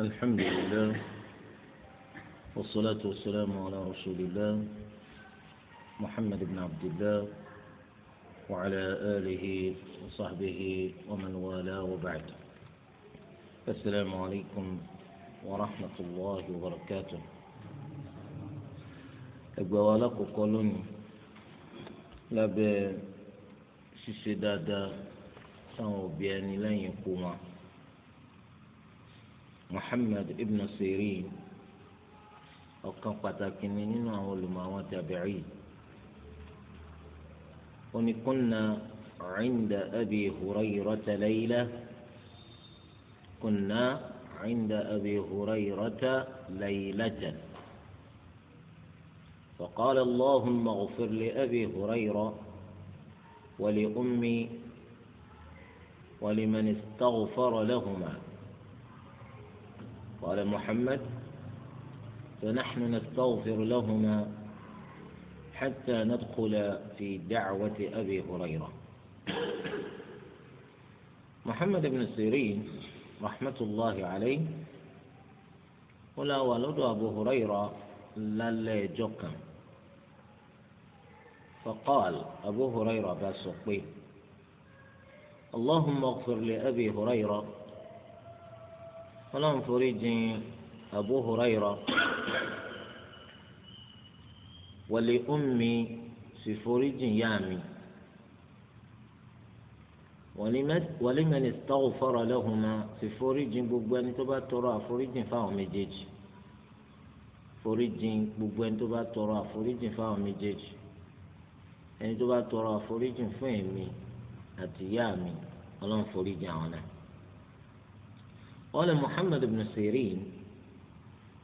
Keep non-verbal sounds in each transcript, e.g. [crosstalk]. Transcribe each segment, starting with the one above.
الحمد لله والصلاة والسلام على رسول الله محمد بن عبد الله وعلى آله وصحبه ومن والاه وبعد السلام عليكم ورحمة الله وبركاته أجوالك قولون لابد ṣíṣe dáadáa sáwọn òbí ẹni lẹ́yìn محمد ibn Sirin ọ̀kan pàtàkì ni nínú àwọn olùmọ̀ عند أبي هريرة ليلة كنا عند أبي هريرة ليلة فقال اللهم اغفر لأبي هريرة ولأمي ولمن استغفر لهما قال محمد فنحن نستغفر لهما حتى ندخل في دعوة أبي هريرة محمد بن سيرين رحمة الله عليه ولا ولد أبو هريرة لا جوكا فقال أبو هريرة باسقي اللهم اغفر لأبي هريرة ọlọ́run forí jìn Abu Hurairah wọlé ummi sì forí jìn yá mi wọlé mẹni tọ́wọ́ fọ́rọ̀ lẹ́hùn mọ́ sì forí jìn gbogbo ẹni tó bá tọrọ àforíjìn fáwọn méjèèjì foríjìn gbogbo ẹni tó bá tọrọ àforíjìn fáwọn méjèèjì ẹni tó bá tọrọ àforíjìn fún èmi àti ìyá mi ọlọ́run foríjìn àwọn náà. قال محمد بن سيرين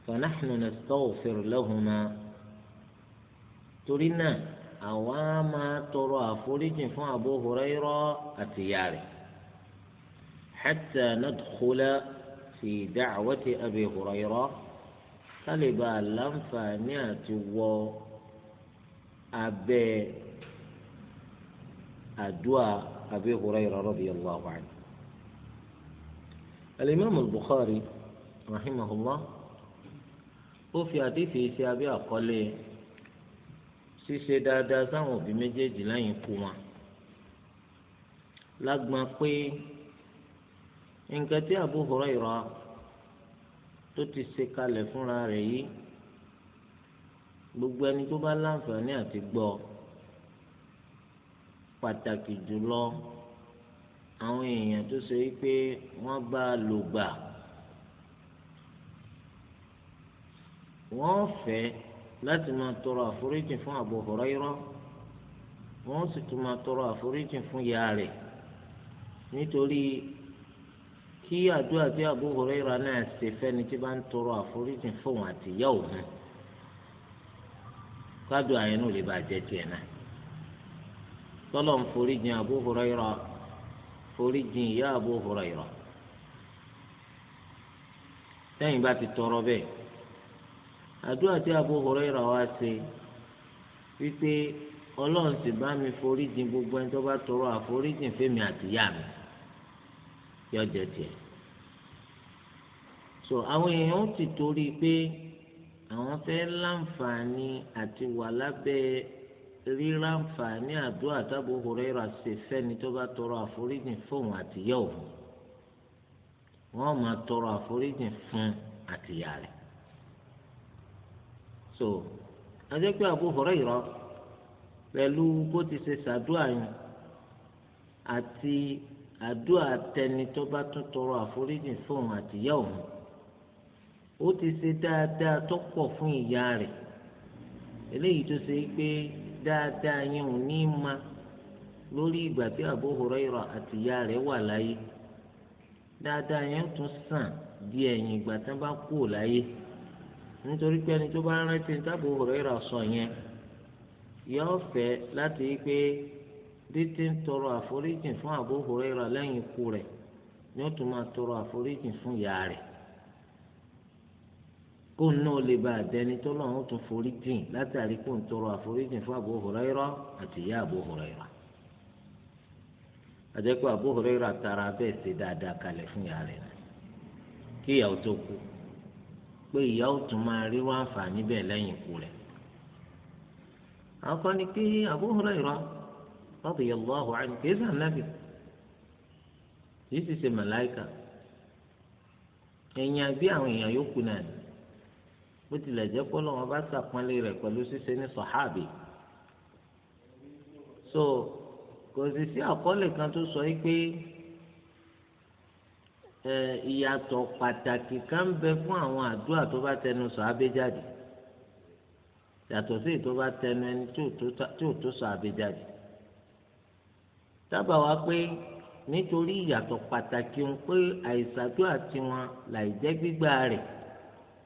فنحن نستغفر لهما ترينا أواما ترى فرج أبو هريرة أتياري حتى ندخل في دعوة أبي هريرة طلب لنفانيات و أبي أدواء أبي هريرة رضي الله عنه الإمام البخاري رحمه الله ó fi àdéhìí ṣe abẹ́ àkọlé ṣíṣe dáadáa sáwọn òbí méjèèjì lẹ́yìn ikú wọn lágbọn pé nǹkan tí Abu Huraira tó ti ṣe kalẹ̀ fúnra rẹ̀ yìí gbogbo ẹni tó bá láǹfààní àti gbọ́ pàtàkì jùlọ àwọn èèyàn tó ṣe wípé wọ́n bá a lò gbà wọ́n fẹ́ láti máa tọrọ àforíjì fún Abu Hurairah wọ́n sì tún máa tọrọ àforíjì fún ìyá rẹ̀ nítorí kí àdúrà tí Abu Hurairah náà ṣe fẹ́ni tí bá ń tọrọ àforíjì fóun àti ìyá òun kádùn àyẹnù lè bàjẹ́ tiẹ̀ náà tọ́lọ̀ ń foríjì Abu Hurairah forí jìn ìyá Abu Hurairah sẹ́yìn bá ti tọrọ bẹ́ẹ̀ àdúrà tí Abu Hurairah wá ṣe wípé ọlọ́run sì bá mi forí jìn gbogbo ẹni tó bá tọrọ àforíjìn fèmi àtìyá mi yọ jẹ so àwọn èèyàn ti torí pé àwọn fẹ́ láǹfààní àti wà lábẹ́ ríra àǹfààní àdúrà tábò Huraira ṣe fẹ́ni tó bá tọrọ àforíjì fóun àtìyá òun wọ́n máa tọrọ àforíjì fún àtìyá rẹ̀ so ajẹ́ pé Abu Huraira pẹ̀lú bó ti ṣe ṣàdúrà yẹn àti àdúrà tẹni tó bá tún tọrọ àforíjì fóun àtìyá òun ó ti ṣe dáadáa tó pọ̀ fún ìyá rẹ̀ eléyìí tó ṣe pé dáadáa yẹn ò ní ma lórí ìgbà tí Abu Hurairah àtìyá rẹ̀ wà láyé dáadáa yẹn tún sàn di ẹ̀yìn ìgbà tí wọ́n bá kú láyé nítorí pé ẹni tó bá rántí tí Abu Hurairah sọ yẹn yóò fẹ́ láti rí pé dídí ń tọrọ àforíjì fún Abu Hurairah lẹ́yìn ikú rẹ̀ yóò tún tọrọ àforíjì fún ìyá kó náà lè bá àdẹni tó lọ́run tún forí jìn látàrí kó ń tọrọ àforíjìn fún Abu Huraira àti ìyá Abu Abu Huraira tara bẹ́ẹ̀ ṣe dáadáa kalẹ̀ fún ìyá rẹ̀ kí ìyàwó tó kú pé ìyàwó tún máa rí wọn àǹfààní bẹ́ẹ̀ lẹ́yìn ikú rẹ̀ àwọn kan ní kí Abu àwọn bó tilẹ̀ jẹ́ pé Ọlọ́run bá ṣàpọ́nlé rẹ̀ pẹ̀lú ṣíṣe ní sọ̀háàbì so kò sì sí àkọọ́lẹ̀ kan tó sọ pé ìyàtọ̀ pàtàkì kan ń bẹ fún àwọn àdúrà tó bá tẹnu sọ̀háàbì jáde yàtọ̀ sí èyí tó bá tẹnu ẹni tí ò tó sọ̀háàbì jáde dábàá wa pé nítorí ìyàtọ̀ pàtàkì ń pé àìsàdúrà tiwọn láì jẹ́ gbígbà rẹ̀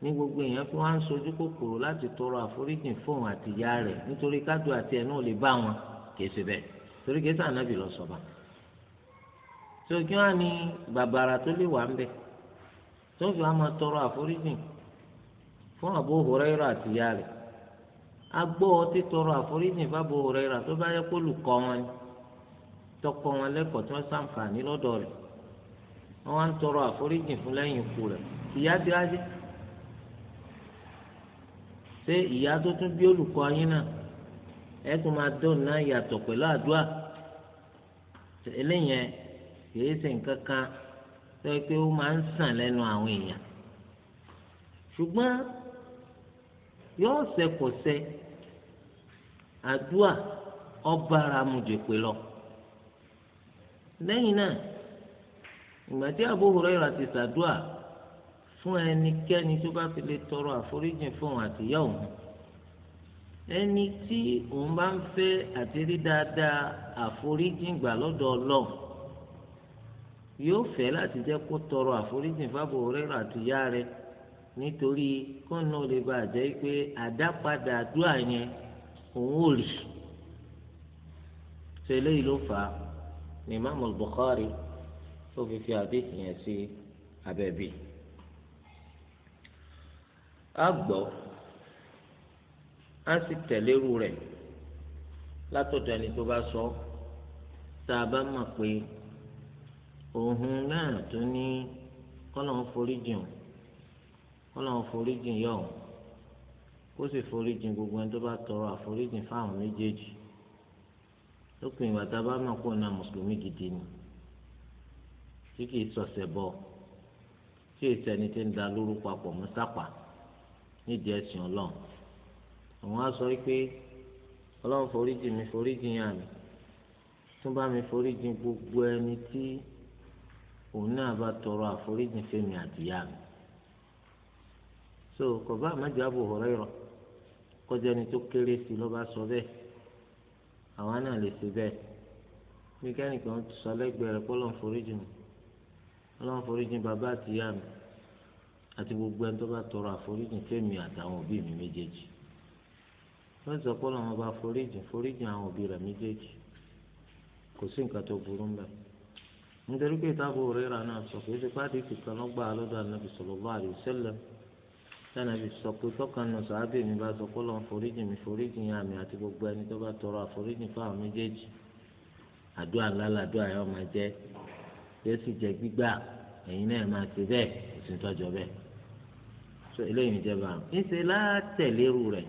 ní gbogbo èèyàn fi wá ń sojú kòkòrò láti tọrọ àforíjìn fóun àti ìyá rẹ̀ nítorí kájú àti ẹnu ò lè bá wọn kìí ṣe bẹ́ẹ̀ torí kìí ṣe ànábì lọ sọba tó kí wọn ní bàbàrà tó lè wà ń bẹ tó fi wọn máa tọrọ àforíjìn fún Abu Hurairah àti ìyá rẹ̀ agbó ọtí tọrọ àforíjìn fún Abu Hurairah tó bá yẹ kó lùkọ́ wọn ni tọkọ wọn lẹ́kọ̀ọ́ tí wọn ṣàǹfààní lọ́dọ̀ rẹ̀ wọn wá ń tọrọ àforíjìn fún lẹ́yìn ikú rẹ̀ ìyá ṣé ìyá tó tún bí olùkọ́ yín náà ẹ tún máa dóun náà yàtọ̀ pẹ̀lú àdúrà eléyẹn kìí ṣe nǹkan kan tó yẹ pé ó máa ń sàn lẹ́nu àwọn èèyàn ṣùgbọ́n yóò ṣe lọ lẹ́yìn náà ìgbà tí ti ṣàdúrà. fún ẹnikẹ́ni tó bá fi lè tọrọ àforíjìn fún àtìyá òun ẹni tí òun bá ń fẹ́ àti rí dáadáa àforíjìn gbà lọ́dọ̀ ọlọ́run yóò fẹ́ láti jẹ́ kó tọrọ àforíjìn fábò rẹ́rọ àtìyá rẹ̀ nítorí kọ́nà lè bá jẹ́ pé àdápadà àdúrà yẹn òun ò rí ṣe eléyìí ló fà á ní Imam Bukhari tó fi fi àdéhùn yẹn sí abẹ́bí. á asi á sì tẹ̀lé irú tó bá sọ tá a bá pé òun náà tó ní kọ́nà foríjìn kọ́nà kó sì foríjìn gbogbo ẹni tó bá àforíjìn fáwọn méjèèjì tá a bá mọ̀ pé òun náà mùsùlùmí gidi ni tí kìí sọ̀sẹ̀ bọ̀ tí èsì ẹni tí ń da lóru papọ̀ nídìí ẹ̀sìn ọlọ́run àwọn á sọ pé ọlọ́run foríjì mi foríjì yàn mí tún bá mi foríjì gbogbo ẹni tí òun náà bá tọrọ àforíjì fẹ́mi àdìyá mi so kò bá àmàjọ Abu Hurairah kọjá ẹni tó kéré sí ló sọ bẹ́ẹ̀ àwa náà lè ṣe bẹ́ẹ̀ bí kẹ́nìkan sọ lẹ́gbẹ̀ẹ́ rẹ̀ pé ọlọ́run foríjì mi ọlọ́run foríjì bàbá àtìyá mi àti gbogbo ẹni tó bá tọrọ àforíjì fẹ́mi àtàwọn òbí mi méjèèjì wọ́n sọ pé làwọn bá foríjì foríjì àwọn òbí rẹ̀ méjèèjì kò sí nǹkan tó burú mbẹ nítorí pé ìtàbù òrìrà náà sọ pé ṣe pàdé kìkan lọ́gbà lọ́dọ̀ ànábì sallallahu alaihi wasallam tẹ́nàbí sọ pé tọ́kàn náà sàábì mi bá sọ pé lọ́n foríjì mi foríjì yẹn àmì àti gbogbo ẹni tó bá tọrọ àforíjì fáwọn méjèèjì àdúrà ńlá làdúrà yẹn jẹ yóò sì jẹ gbígbà ẹ̀yin náà máa ti bẹ́ẹ̀ kò sí tọ́jọ́ bẹ́ẹ̀ so eléyìí níjẹba ńṣe látẹ̀lérú rẹ̀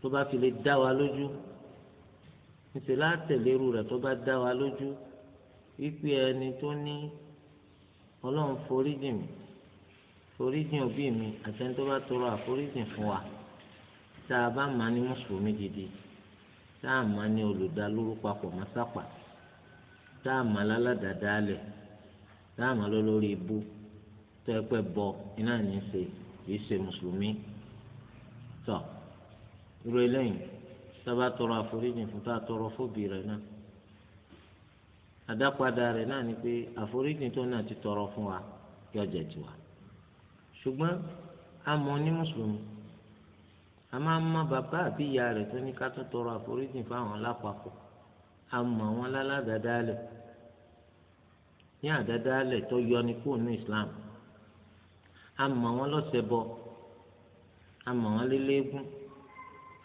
tó bá fi lè dá wa lójú ńṣe látẹ̀lérú rẹ̀ tó bá dá wa lójú wípé ẹni tó ní ọlọ́run foríjì mi foríjì òbí mi àtẹni tó bá tọrọ àforíjì fún wa tá a bá máa ní mùsùlùmí gidi tá a máa ní olùdálórú papọ̀ mọ́sápà tá a máa lálàdàdà alẹ̀ tá a máa lọ lórí ibú tó yẹ pé bọ iná ní í ṣe kìí ṣe mùsùlùmí tọ irú eléyìí sábà tọrọ àforíjì fún tá a tọrọ fóbi rẹ náà àdápadà rẹ náà ni pé àforíjì tó náà ti tọrọ fún wa yọ jẹ tiwa ṣùgbọ́n a mọ ní mùsùlùmí a máa ń mọ bàbá àbí ìyá rẹ tó ní ká tó tọrọ àforíjì fáwọn lápapọ̀ a mọ àwọn láládàá dálẹ̀ ní àdáda alẹ tó yọ ní kúrò ní Islam àmọ́ wọn lọ́sẹ̀ bọ àmọ́ wọn lélẹ́gùn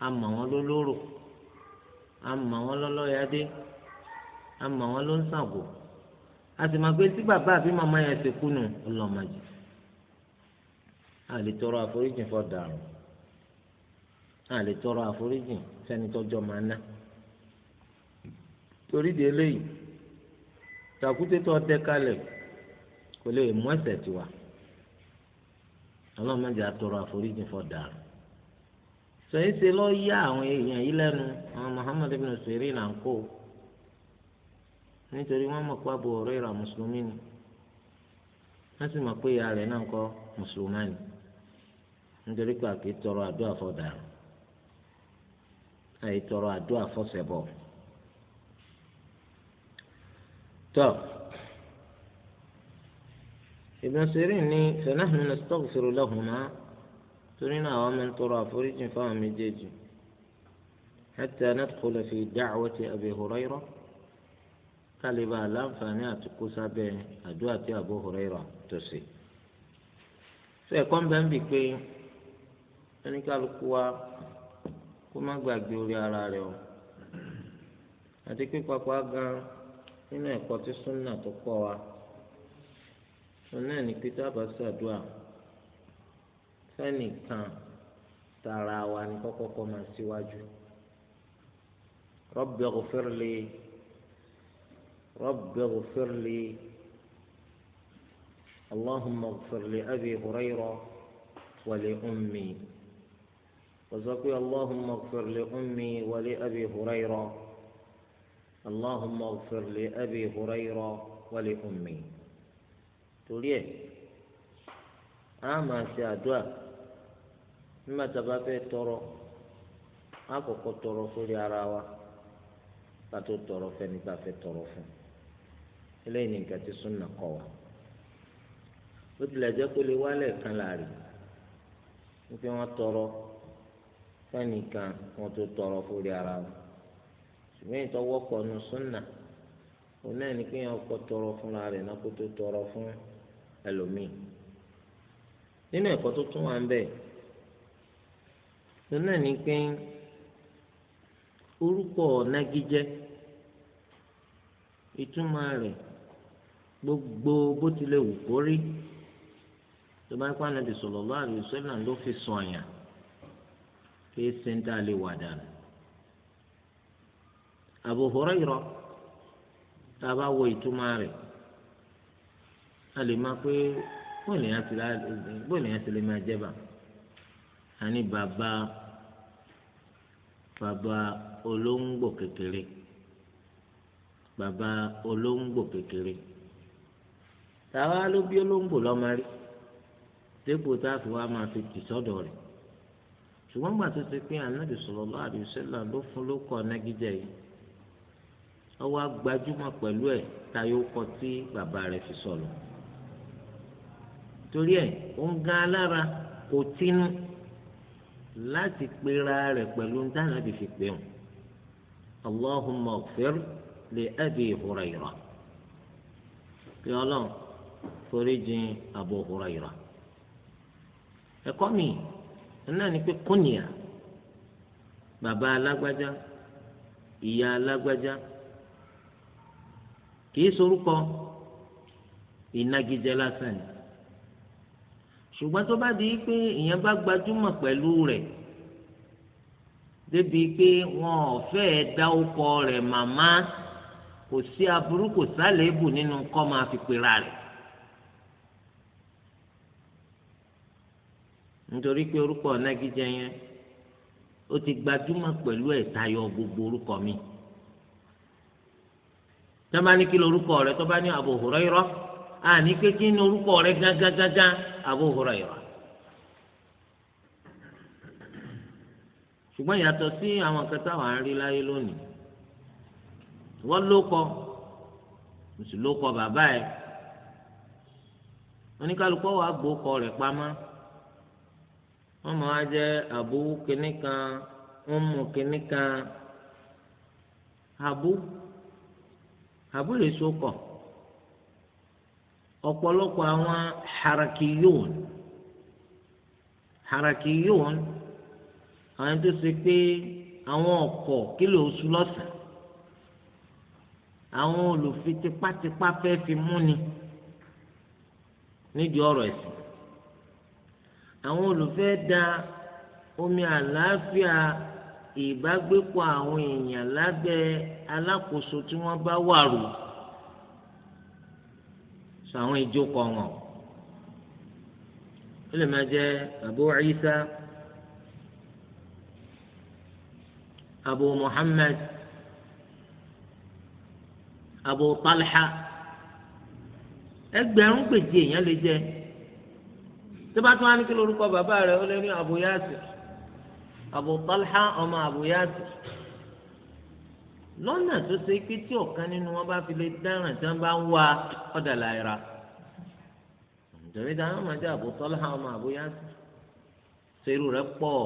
àmọ́ wọn lólóró àmọ́ wọn lọ́lọ́yàdé àmọ́ wọn ló ń sàgò àtìmọ̀gbé tí bàbá àbí màmá yẹn ti kú nù ọlọ́mọdé àlè tọrọ àforíjì fọ dàrún àlè tọrọ àforíjì sẹ́ni tọjọ máa ná torí de eléyìí tàkúté tó kalẹ̀ kò lè mú ẹsẹ̀ tiwa. ọlọ́run mẹ́jọ àforíjì fọ̀dà sọyìn lọ yá àwọn èèyàn yìí lẹ́nu àwọn Muhammad ibn náà ń kó nítorí mọ̀ pé Abu mùsùlùmí ni sì mọ̀ pé ìyá rẹ̀ náà ń kọ́ nítorí pé àkè tọrọ àyè Ibn Sirin ní fanahnu nastaghfiru lahuma torí náà àwọn máa ń tọrọ àforíjì fáwọn méjèèjì hatta nadkhula fi da'wati Abi Hurayra kálíbà láǹfààní àtúkú sábẹ́ àdúrà tí Abu Hurayra tó ṣe. sọ ẹ̀kọ́ ń bẹ ń bì pé oníkálukú wa kó má gbàgbé orí ara rẹ̀ o àti pé pápá gan nínú ẹ̀kọ́ tí súnà tó kọ́ wa. náà ní pété àbá ṣàdúrà fẹ́nìkan tara wa ní kọ́kọ́kọ́ máa síwájú Rabbi ighfir li Rabbi ighfir li Allahumma ighfir li Abi Hurayra wa li ummi وزكي اللهم اغفر لأمي ولأبي هريرة اللهم اغفر لأبي هريرة ولأمي torí ẹ̀ a máa ṣe àdúrà nígbà tá a bá fẹ́ tọrọ á kọ́kọ́ tọrọ sórí ara wa ká tó tọrọ fẹ́ni tá a fẹ́ tọrọ fún eléyìí ni nǹkan tí súnà kọ́ wa ó tilẹ̀ jẹ́ pé lè wálẹ̀ kan láàrin wípé wọ́n tọrọ fẹ́nìkan wọ́n tó tọrọ ara wọn ṣùgbọ́n ìtọ́wọ́pọ̀ nu súnà òun náà ní kéèyàn kọ́ tọrọ fúnra rẹ̀ náà kó tó tọrọ fún ẹlòmíì nínú ẹ̀kọ́ tó tún wà ń bẹ lónà ní pé orúkọ nagijẹ gbogbo bó tilẹ̀ wù kó rí tó bá pa ló fi sọ̀yàn kí sèǹtà lè wà dànù. Abu Hurairah tá a bá a lè máa pé bóyá èèyàn ti lè máa jẹ́ bà á ní bàbá bàbá olóńgbò kékeré bàbá olóńgbò kékeré tàwa ló bí olóńgbò lọ́mọ rí dépò tá a fi wá máa fi tì sọ́dọ̀ rẹ̀ ṣùgbọ́n gbà tó ti pé ànábì sallallahu alaihi wasallam ló fún ló kọ́ nagijẹ yìí ọwọ́ agbájúmọ̀ pẹ̀lú ẹ̀ tayó kọ tí bàbá rẹ̀ fi sọ̀rọ̀ torí ẹ̀ ó ń gan alára kò tínú láti pera rẹ̀ pẹ̀lú dáná bí fi pè wọn. allahumma ighfir li abi hurayra kí ọlọ́run foríjìn abu hurayra. ẹ̀kọ́ mi náà ni pé kúnìyà bàbá alágbájá ìyá alágbájá kì í sorúkọ ìnagijẹ lásán ni ṣùgbọ́n tó bá di pé èèyàn bá gbajúmọ̀ pẹ̀lú rẹ̀ débi pé wọn ò fẹ́ẹ́ dá ọkọ rẹ̀ màmá kò sí aburú kò sálẹ́bù nínú kọ́ máa fi pera rẹ̀. nítorí pé orúkọ ọ̀nàgíjẹ yẹn ó ti gbajúmọ̀ pẹ̀lú ẹ̀ tayọ gbogbo orúkọ mi. tọ́ba ní kí lorúkọ rẹ̀ tọ́ba ní Abu Hurairah àní pé kí ni orúkọ rẹ̀ gángangangan Abu Hurairah ṣùgbọ́n yàtọ̀ sí àwọn kan táwọn à ń rí láyé lónìí wọ́n ló kọ mùsùlùmí ló kọ bàbá ẹ̀ oníkálùkọ́ wa gbó kọ rẹ̀ pamọ́ wọ́n máa jẹ́ àbú kínní kan ọmọ kínní kan àbú àbú lè so kọ̀ ọ̀pọ̀lọpọ̀ àwọn harakiyun harakiyun àwọn tó ṣe pé àwọn ọkọ̀ kílò oṣù lọ́sàn-án àwọn olùfi tipátipá fẹ́ fi múni nídìí ọ̀rọ̀ ẹ̀sìn àwọn olùfẹ́ da omi àlàáfíà ìbágbépọ̀ àwọn èèyàn lábẹ́ alákòóso tí wọ́n bá wà rò sọ àwọn ìjó kọ wọn o ó lè máa jẹ Abu Isa Abu Muhammad Abu Talha ẹgbẹ̀rún gbèjì èèyàn lè jẹ tó bá tún wá ní kí lórúkọ bàbá rẹ̀ ó lè ní Abu Yasir Abu Talha ọmọ Abu Yasir lọ́nà tó ṣe pé tí ọ̀kan nínú wọn bá fi lè dáràn tí wọ́n bá ń wá ọ̀dà láìra ìjọba ìdáná máa jẹ́ àbò tọ́lá ọmọ àbóyá ṣerú rẹ̀ pọ̀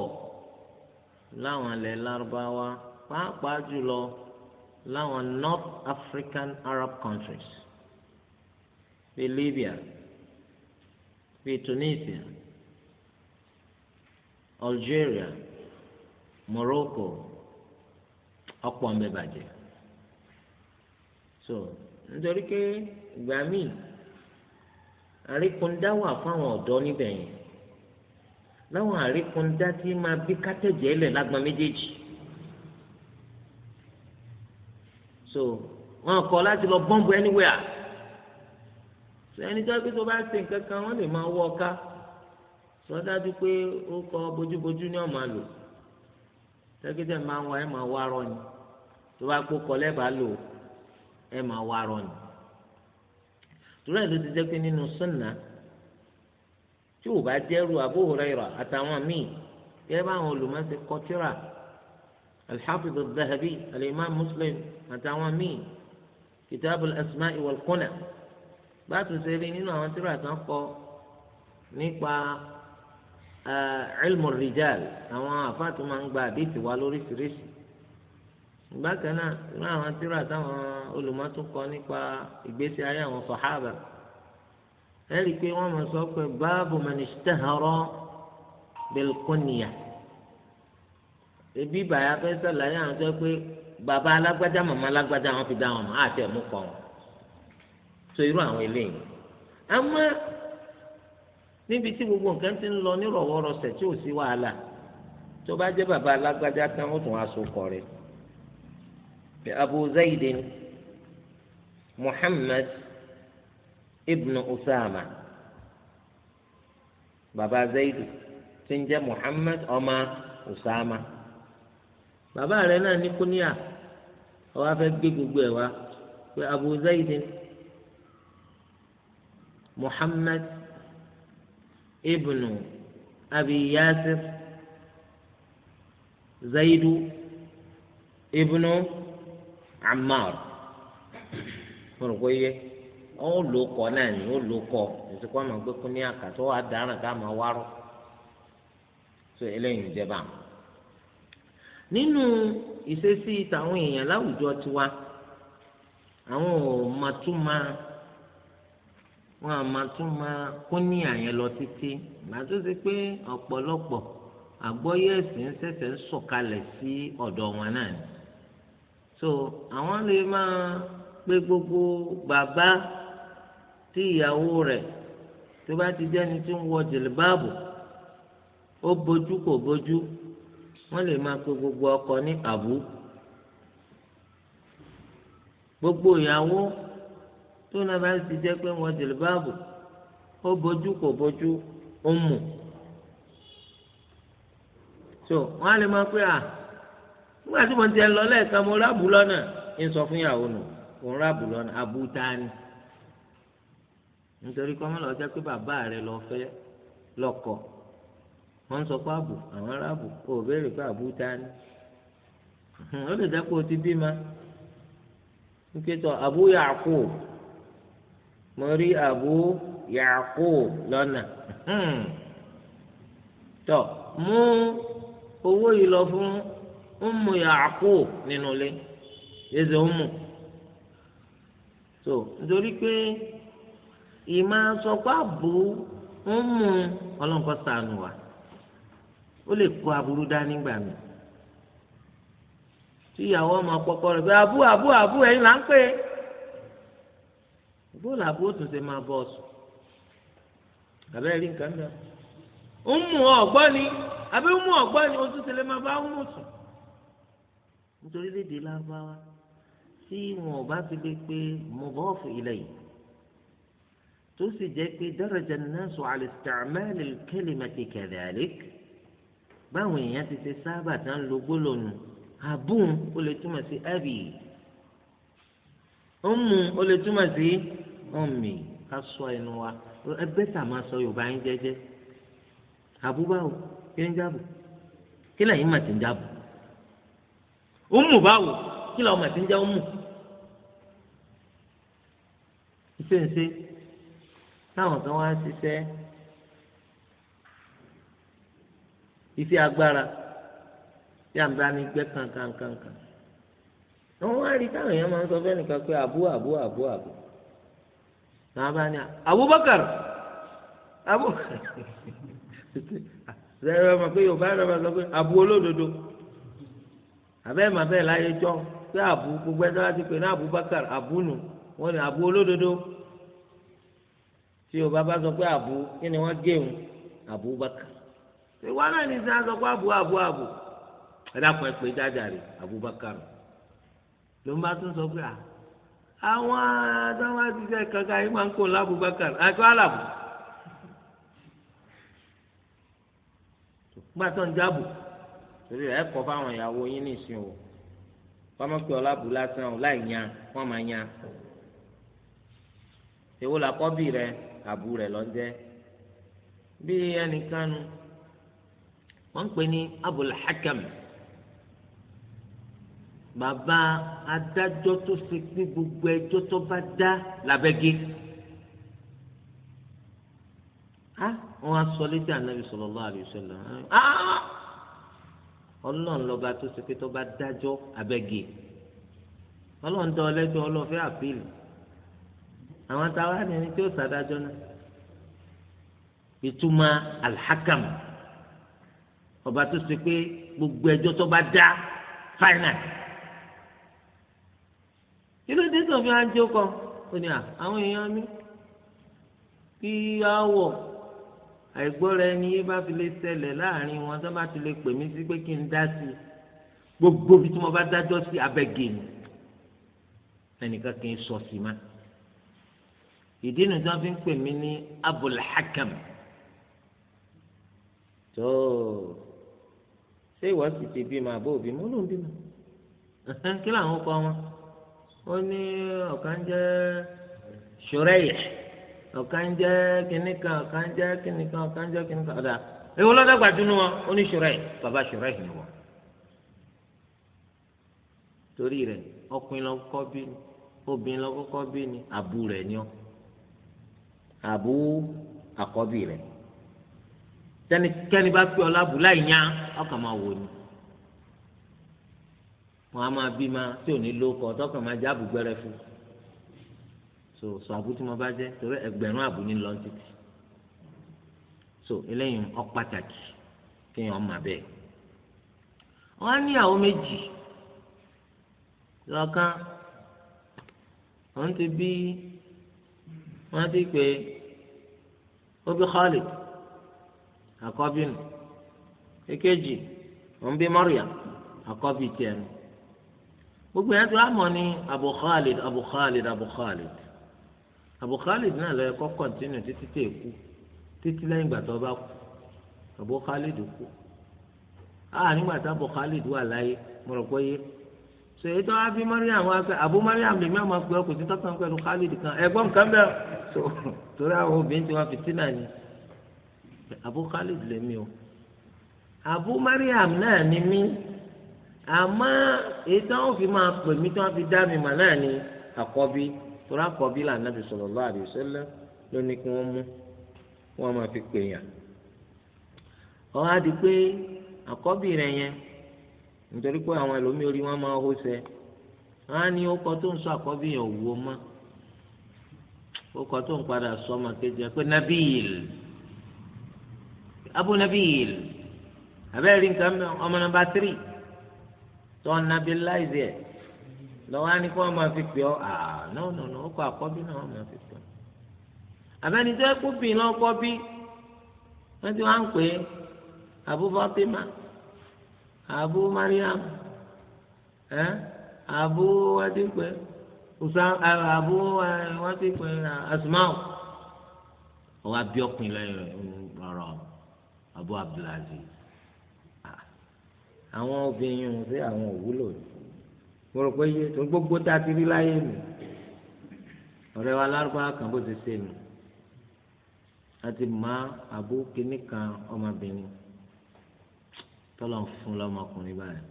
láwọn ilẹ̀ lárúbáwá pàápàá jùlọ láwọn North African Arab countries bíi Libya bíi Tunisia Algeria Morocco ọ̀pọ̀ ń bẹ bàjẹ́ so nítorí pé ìgbà míì àríkúndá wà fáwọn ọ̀dọ́ níbẹ̀ yẹn láwọn àríkúndá tí máa bí kátẹ́jẹ́ lẹ̀ lágbọn méjèèjì so wọn kọ láti lọ bọ́ǹbù anywhere so ẹni tó kí tó bá ṣe nǹkan kan wọ́n lè máa wọ ọ̀ka sọ dájú pé ó kọ bójúbójú ní ọ̀ma lò tẹ́kítẹ́ máa ń wá ẹ̀ máa wá rọ ni. So, tó bá kó kọlẹ́ bá lò ẹ máa wá rọ ni torí ẹ̀ ló ti jẹ́ pé nínú sunna tí ò bá jẹ́rù Abu Hurairah àtàwọn míì kẹ́ báwọn olùmọ̀ọ́sẹ̀ kọtíra al-Hafiz al-Dhahabi al-Imam Muslim àtàwọn míì kitabul asma'i wal kuna bá tún ṣe rí nínú àwọn tíra tán kọ nípa eh, ilmu rijal àwọn àfáàtúmọ̀ ń gba àdéhìí wa lóríṣiríṣi. bákan náà nínú àwọn tíra táwọn olùmọ́tún kọ nípa ìgbésí ayé àwọn sọ̀hábà ẹ rí i pé wọ́n mọ̀ sọ pé báàbù mẹ́nìṣítẹ́hárọ́ bẹ́lkọ́nìyà ebi bàyà fẹ́ sàlàyé àwọn tó pé bàbá alágbájá màmá alágbájá wọn fi dá wọn mọ̀ àti ẹ̀mú kọ́ wọn so irú àwọn eléyìí àmọ́ níbi tí gbogbo nǹkan ti ń lọ nírọ̀wọ́rọsẹ̀ tí ò sí wàhálà tó bá بأبو زيد محمد ابن أسامة بابا زيد تنجى محمد أما أسامة بابا لنا نكونيا وافق بيقوا وأبو زيد محمد ابن أبي ياسر زيد ابن amar mo rò pé yẹ ó lò kọ náà ni ó lò kọ ìsìnkú àmọ́ gbé kún ní àkàtọ àdáràn ká máa wárọ eléyìí nínú ìṣesí èèyàn tiwa àwọn ò wọn à kún ní àyẹn lọ títí so àwọn lè máa pé gbogbo bàbá tí ìyàwó rẹ̀ tó bá ti jẹ́ni tí ń wọ jìlìbáàbù ó bójú kò bójú wọ́n lè máa pé gbogbo ọkọ ní àbú gbogbo ìyàwó tó náà bá ti jẹ́ pé wọ́n jìlìbáàbù ó bójú kò bójú ó mú so wọ́n á lè máa pé à nígbà tí mo ti ẹ lọ lẹ́ẹ̀kan mo rábù lọ́nà ń sọ fún ìyàwó nù òun rábù lọ́nà abúta ni nítorí kọ́mọ́lọ́ jẹ́ pé bàbá rẹ lọ fẹ́ lọ́kọ̀ọ́ wọ́n sọ pé àbù àwọn aráàbù kò béèrè pé àbù ta ni ó lè jẹ́ pé o ti bímọ wípé tọ àbù yàkó mo rí àbù yàkó lọ́nà hmm. tọ mú owó yìí lọ fún ummu Yaqub nínú ilé yézè ummu so nítorí pé ìmọ̀ sọ́kọ́ àbò ummu ọlọ́nkọ́ sànù wa ó lè kó aburú dání gbà mí tí ìyàwó ọmọ àpọ̀kọ rẹ̀ pé àbú àbú àbú ẹ̀yin là ń pè é bóòlù àbú ó tún ṣe máa bọ̀ ọ̀sùn àbẹ́ rí nǹkan náà ummu ọ̀gbọ́n ni àbí ummu ọ̀gbọ́n ni o tún ṣe lè máa bá ummu sùn nítorí léde lárúbáwá tí wọn ò bá fi lè pe mọ̀bọ́ọ̀fù ilẹ̀ yìí tó sì jẹ́ pé daraja an-nasu ala isti'mal al-kalimati kadhalik báwọn èèyàn ti ṣe sábà tá ń lo gbólóhùn abúm ó lè túmọ̀ sí àbí ọmú ó lè túmọ̀ sí ọmì ká sọ ẹnu wa ẹgbẹ́ tà máa sọ yorùbá yín jẹ́jẹ́ àbúbáwò kí ń jábọ̀ kí lẹ́yìn mà ń jábọ̀ ọmú báwo kí lọ́ọ́ mà ti ń jẹ́ ọmú ìṣèǹṣe táwọn kan wá ń ṣiṣẹ́ iṣẹ́ agbára tí à ń bá ní gbẹ́ kankankankan àwọn wá rí táwọn èèyàn máa ń sọ fẹ́ nìkan pé àbú àbú àbú àbú làwọn bá ní Abubakar Abu rẹ [laughs] rẹ pé Yorùbá rẹ mọ sọ pé àbú olódodo abẹ́rẹ́ màá bẹ́ẹ̀ láyé jọ pé àbú gbogbo ẹjọ́ láti pè ní Abubakar àbúnù wọn ni àbú olódodo tí Yorùbá bá sọ pé àbú kí ni wọ́n géun Abubakar ìwọ náà ní sàn sọ pé àbú àbú àbú ẹ̀dàpọ̀ ẹ̀pẹ́ jájà rè Abubakar ló ń bá tún sọ pé àwọn àdáwọn àtijọ́ ìkankan yìí máa ń kó lábùbákàr àti àlàbù gbàtọ̀ jábù torí ẹ kọ fáwọn ìyàwó yín nìsín o fọmọkì ọlábù lásán o láì yan wọn máa yan èwo làkọ́bì rẹ àbú rẹ lọ́jẹ́ bí ẹnìkanu wọ́n ń pè ní Abul Hakam bàbá adájọ́ tó ṣe pé gbogbo ẹjọ́ tó bá dá lábẹ́gẹ́ á ah, wọ́n á sọ létí ànábì sallallahu alaihi wasallam á. Ah, ọlọ́run lọ́ba tó ṣe pé tó bá dájọ́ abẹ́gẹ́ ọlọ́run dán ọlẹ́jọ́ ọlọ́fẹ́ àpìlì àwọn táwa ni ẹni tí ó ṣàdájọ́ náà ìtumọ̀ alhakam ọba tó ṣe pé gbogbo ẹjọ́ tó bá dá final kí ló dé tó fi hàn jókòó ó ní à àwọn èèyàn mi kí á wọ̀ àìgbọ́ra ẹni yé bá fi lè ṣẹlẹ̀ láàrin wọn tó bá ti lè pè mí sí pé kí n dá sí i gbogbo bí tí mo bá dájọ́ sí abẹ́gẹ́ ni ẹnìkan kì í sọ sí ma ìdí nu tí wọ́n fi ń pè mí ní Abul Hakam tó ṣé ìwọ sì ti bímọ àbó òbí mo ló ń bímọ kí làwọn kọ wọn ó ní ọ̀kan jẹ́ Shurayh ọ̀kan jẹ́ kínní kan ọ̀kan jẹ́ kínní kan ọ̀kan jẹ́ kínní kan ọ̀dà èwo lọ́dọ̀gba dunu wọn ó ní ṣùrẹ́ yìí bàbá ṣùrẹ́ yìí wọn. torí rẹ̀ ọkùnrin lọ kọ́kọ́ bí ni obìnrin lọ kọ́kọ́ bí ni àbú rẹ̀ ni ọ́ àbú àkọ́bí rẹ̀ tẹnikẹ́ni bá pè ọ́ lábù láì yá ọkàn máa wò ni wọn a máa bí ma tí ò ní lóko tọkàn máa jábù gbẹrẹ fún un so sọ àbú tí mo bá jẹ torí ẹgbẹ̀rún àbú ní lọ so eléyìí ọ pàtàkì kéèyàn ọmọ abẹ wọn ní àwọn méjì lọ́kàn wọn ti bí wọn ti pé ó bí Khalid àkọ́bí Ekeji, èkejì wọn bí Maryam àkọ́bí gbogbo yẹn tó àmọ́ ní Abu Khalid Abu Khalid Abu Khalid. Abu Khalid náà lọ ẹkọ kọntínú títí tẹ kú títí lẹ́yìn ìgbà bá kú Abu Khalid kú a nígbà tá Abu Khalid wà láyé mo rò pé yé so èyí tó wá Mariam wá pé Abu Mariam lèmi àwọn akpẹ ọkùnrin títí tọkàn pẹ̀lú Khalid kan ẹ̀gbọ́n nǹkan bẹ so [laughs] torí àwọn obìnrin tí wọn fi tínà ni Abu Khalid lèmi o Abu Mariam náà ni mí àmọ́ èyí tí wọn fi máa pè mí tí wọn fi dá mi mà náà ni àkọ́bí. torí àkọ́bí là nàbì sallallahu alaihi wasallam ló ní kí mú máa fi pè yàn. ọ̀hún á pé àkọ́bí rẹ̀ yẹn nítorí pé àwọn ẹlòmíì orí wọn máa hó sẹ wọn á ní ọkọ tó ń sọ àkọ́bí yẹn òwò mọ́ ọkọ tó ń padà sọ ọmọ kejì ẹ pé nabil abu nabil abẹ́rẹ́ lọ́wọ́ á ní kí wọ́n máa fi pè ọ́ àà náà nà nà ọkọ̀ àkọ́bí náà wọ́n máa fi pè ọ́. àbẹ́ni tó ẹkú bì náà kọ́ bí wọ́n ti wá ń pè é Abu Fatima Abu Mariam ẹ́ Abu adípẹ́ Abu wọ́n ti pè é Asmau ọwọ́ abíọ́kùn lẹ́yìn rọrọ Abu Abdulaziz àwọn obìnrin ọ̀hún sí àwọn òwúlò ni mo rò pé yé tó gbogbo tá a ti rí láyé mi ọ̀rẹ́ wa lárúbáwá kan bó ti ṣe mi a ti mọ àbú kínní kan ọmọbìnrin tọ́lọ̀ ń fún lọ́mọkùnrin báyìí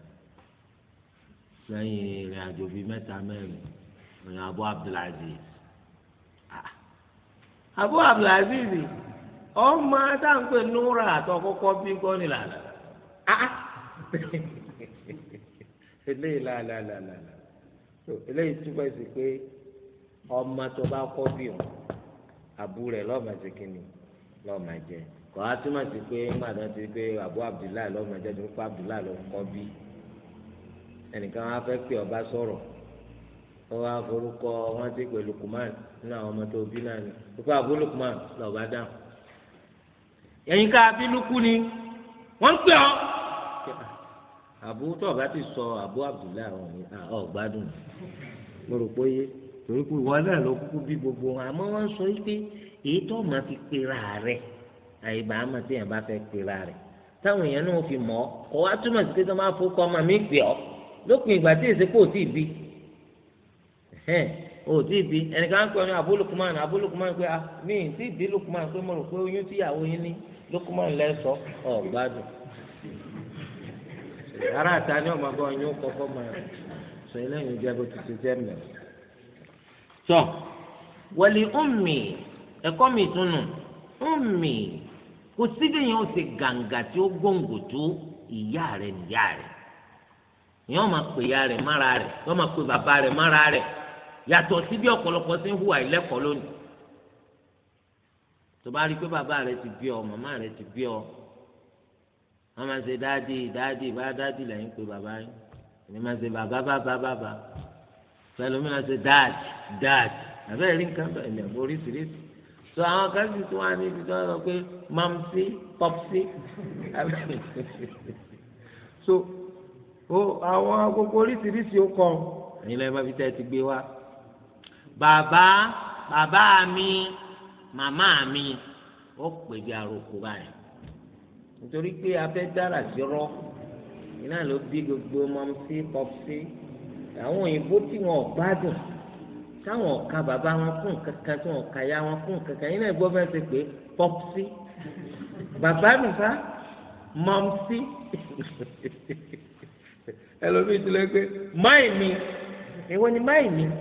lẹ́yìn ìrìn àjò bíi mẹ́ta mẹ́rin ìrìn àbú Abdulaziz àbú Abdulaziz ọmọ táǹpẹ̀ núra àtọkọ́kọ́ bí gbọ́nìlànà eléyìí làlàlàlà tó eléyìí túbọ̀ sí pé ọmọ tó bá kọ́ bí wọn àbú rẹ̀ lọ́ọ̀mà sí kínní lọ́ọ̀mà jẹ kò á túmọ̀ sí pé ńgbà tó ti pé àbú Abdullahi lọ́ọ̀mà jẹ tó kọ́ Abdullahi ló kọ́ bí ẹnìkan wọn á fẹ́ pè ọba sọ̀rọ̀ wọ́n wá forúkọ wọ́n ti pè Lukman nínú àwọn ọmọ tó bí náà ni wípé àbú Lukman lọ́ọ̀bá dáhùn ẹ̀yin ká bí lukú ni wọ́n ń pè ọ́ àbú tó ọba ti sọ àbú abdullahi àwọn mi ọ gbádùn mo rò pé torí pé ìwọ náà ló kúkú bí gbogbo wọn àmọ́ wọ́n sọ pé èyí tó máa fi pera rẹ̀ àyèbá àmọ́ tí èèyàn bá fẹ́ pera rẹ̀ táwọn èèyàn náà fi mọ̀ ọ́ kọ́ wá túmọ̀ sí pé tó máa fọ́ kọ́ ọmọ mi pè ọ́ lópin ìgbà tí èsì kò tí ì bí o ti bi ẹnìkan pẹ̀lú abúlùkùmáàni abúlùkùmáàni pé ah, mi ti bí lùkùmáàni pé mo rò pé oyún tíyàwó yín ní lùkùmáàni lẹ́sọ̀ọ́ ọ̀gbádùn ara àta ni ọmọ bọ yín kọ fọmọ rẹ sọ eléyìí jẹ bó ti ti jẹ mẹ. sọ wọlé ọmọ ẹ̀kọ́ mi tún nù ọmọ kò síbi yẹn ó ṣe gàǹgà tí ó gbòǹgò tó ìyá rẹ nìyá rẹ yẹn wọn máa pè ìyá rẹ mára rẹ wọn máa pè bàbá rẹ mára rẹ yàtọ̀ sí ọ̀pọ̀lọpọ̀ ṣe ń hùwà ìlẹ́kọ̀ọ́ lónìí tó bá rí i pé bàbá rẹ ti bí ọ màmá rẹ ti bí ọ wọ́n máa ń ṣe dáàdì dáàdì bá dáàdì lẹ́yìn pé bàbá yín èmi máa ń ṣe bàbá bàbá bàbá pẹ̀lú mi máa ń ṣe dáàdì dáàdì àbẹ́ rí nǹkan bẹ́ẹ̀ lẹ̀ oríṣiríṣi tó àwọn kan sì tún wá níbi tí wọ́n sọ pé mamsi popsi so o àwọn gbogbo oríṣiríṣi ó kọ ẹ̀yin lẹ́yìn bábí tẹ́ ti gbé wá bàbá bàbá mi màmá mi ó pè bí aroko báyìí nítorí pé afẹ́ dára sí rọ́ iná ló bí gbogbo mọ́mísí pọ́písí àwọn òyìnbó tí wọn ò gbádùn táwọn ọ̀ka bàbá wọn fún kankan tí wọn ọ̀ka ya wọn fún kankan iná ìgbọ́ fẹ́ ṣe pé pọ́písí bàbá nìfà mọ́mísí [laughs] ẹlòmíì ti lè pé máì mi èwo ni máì mi [laughs]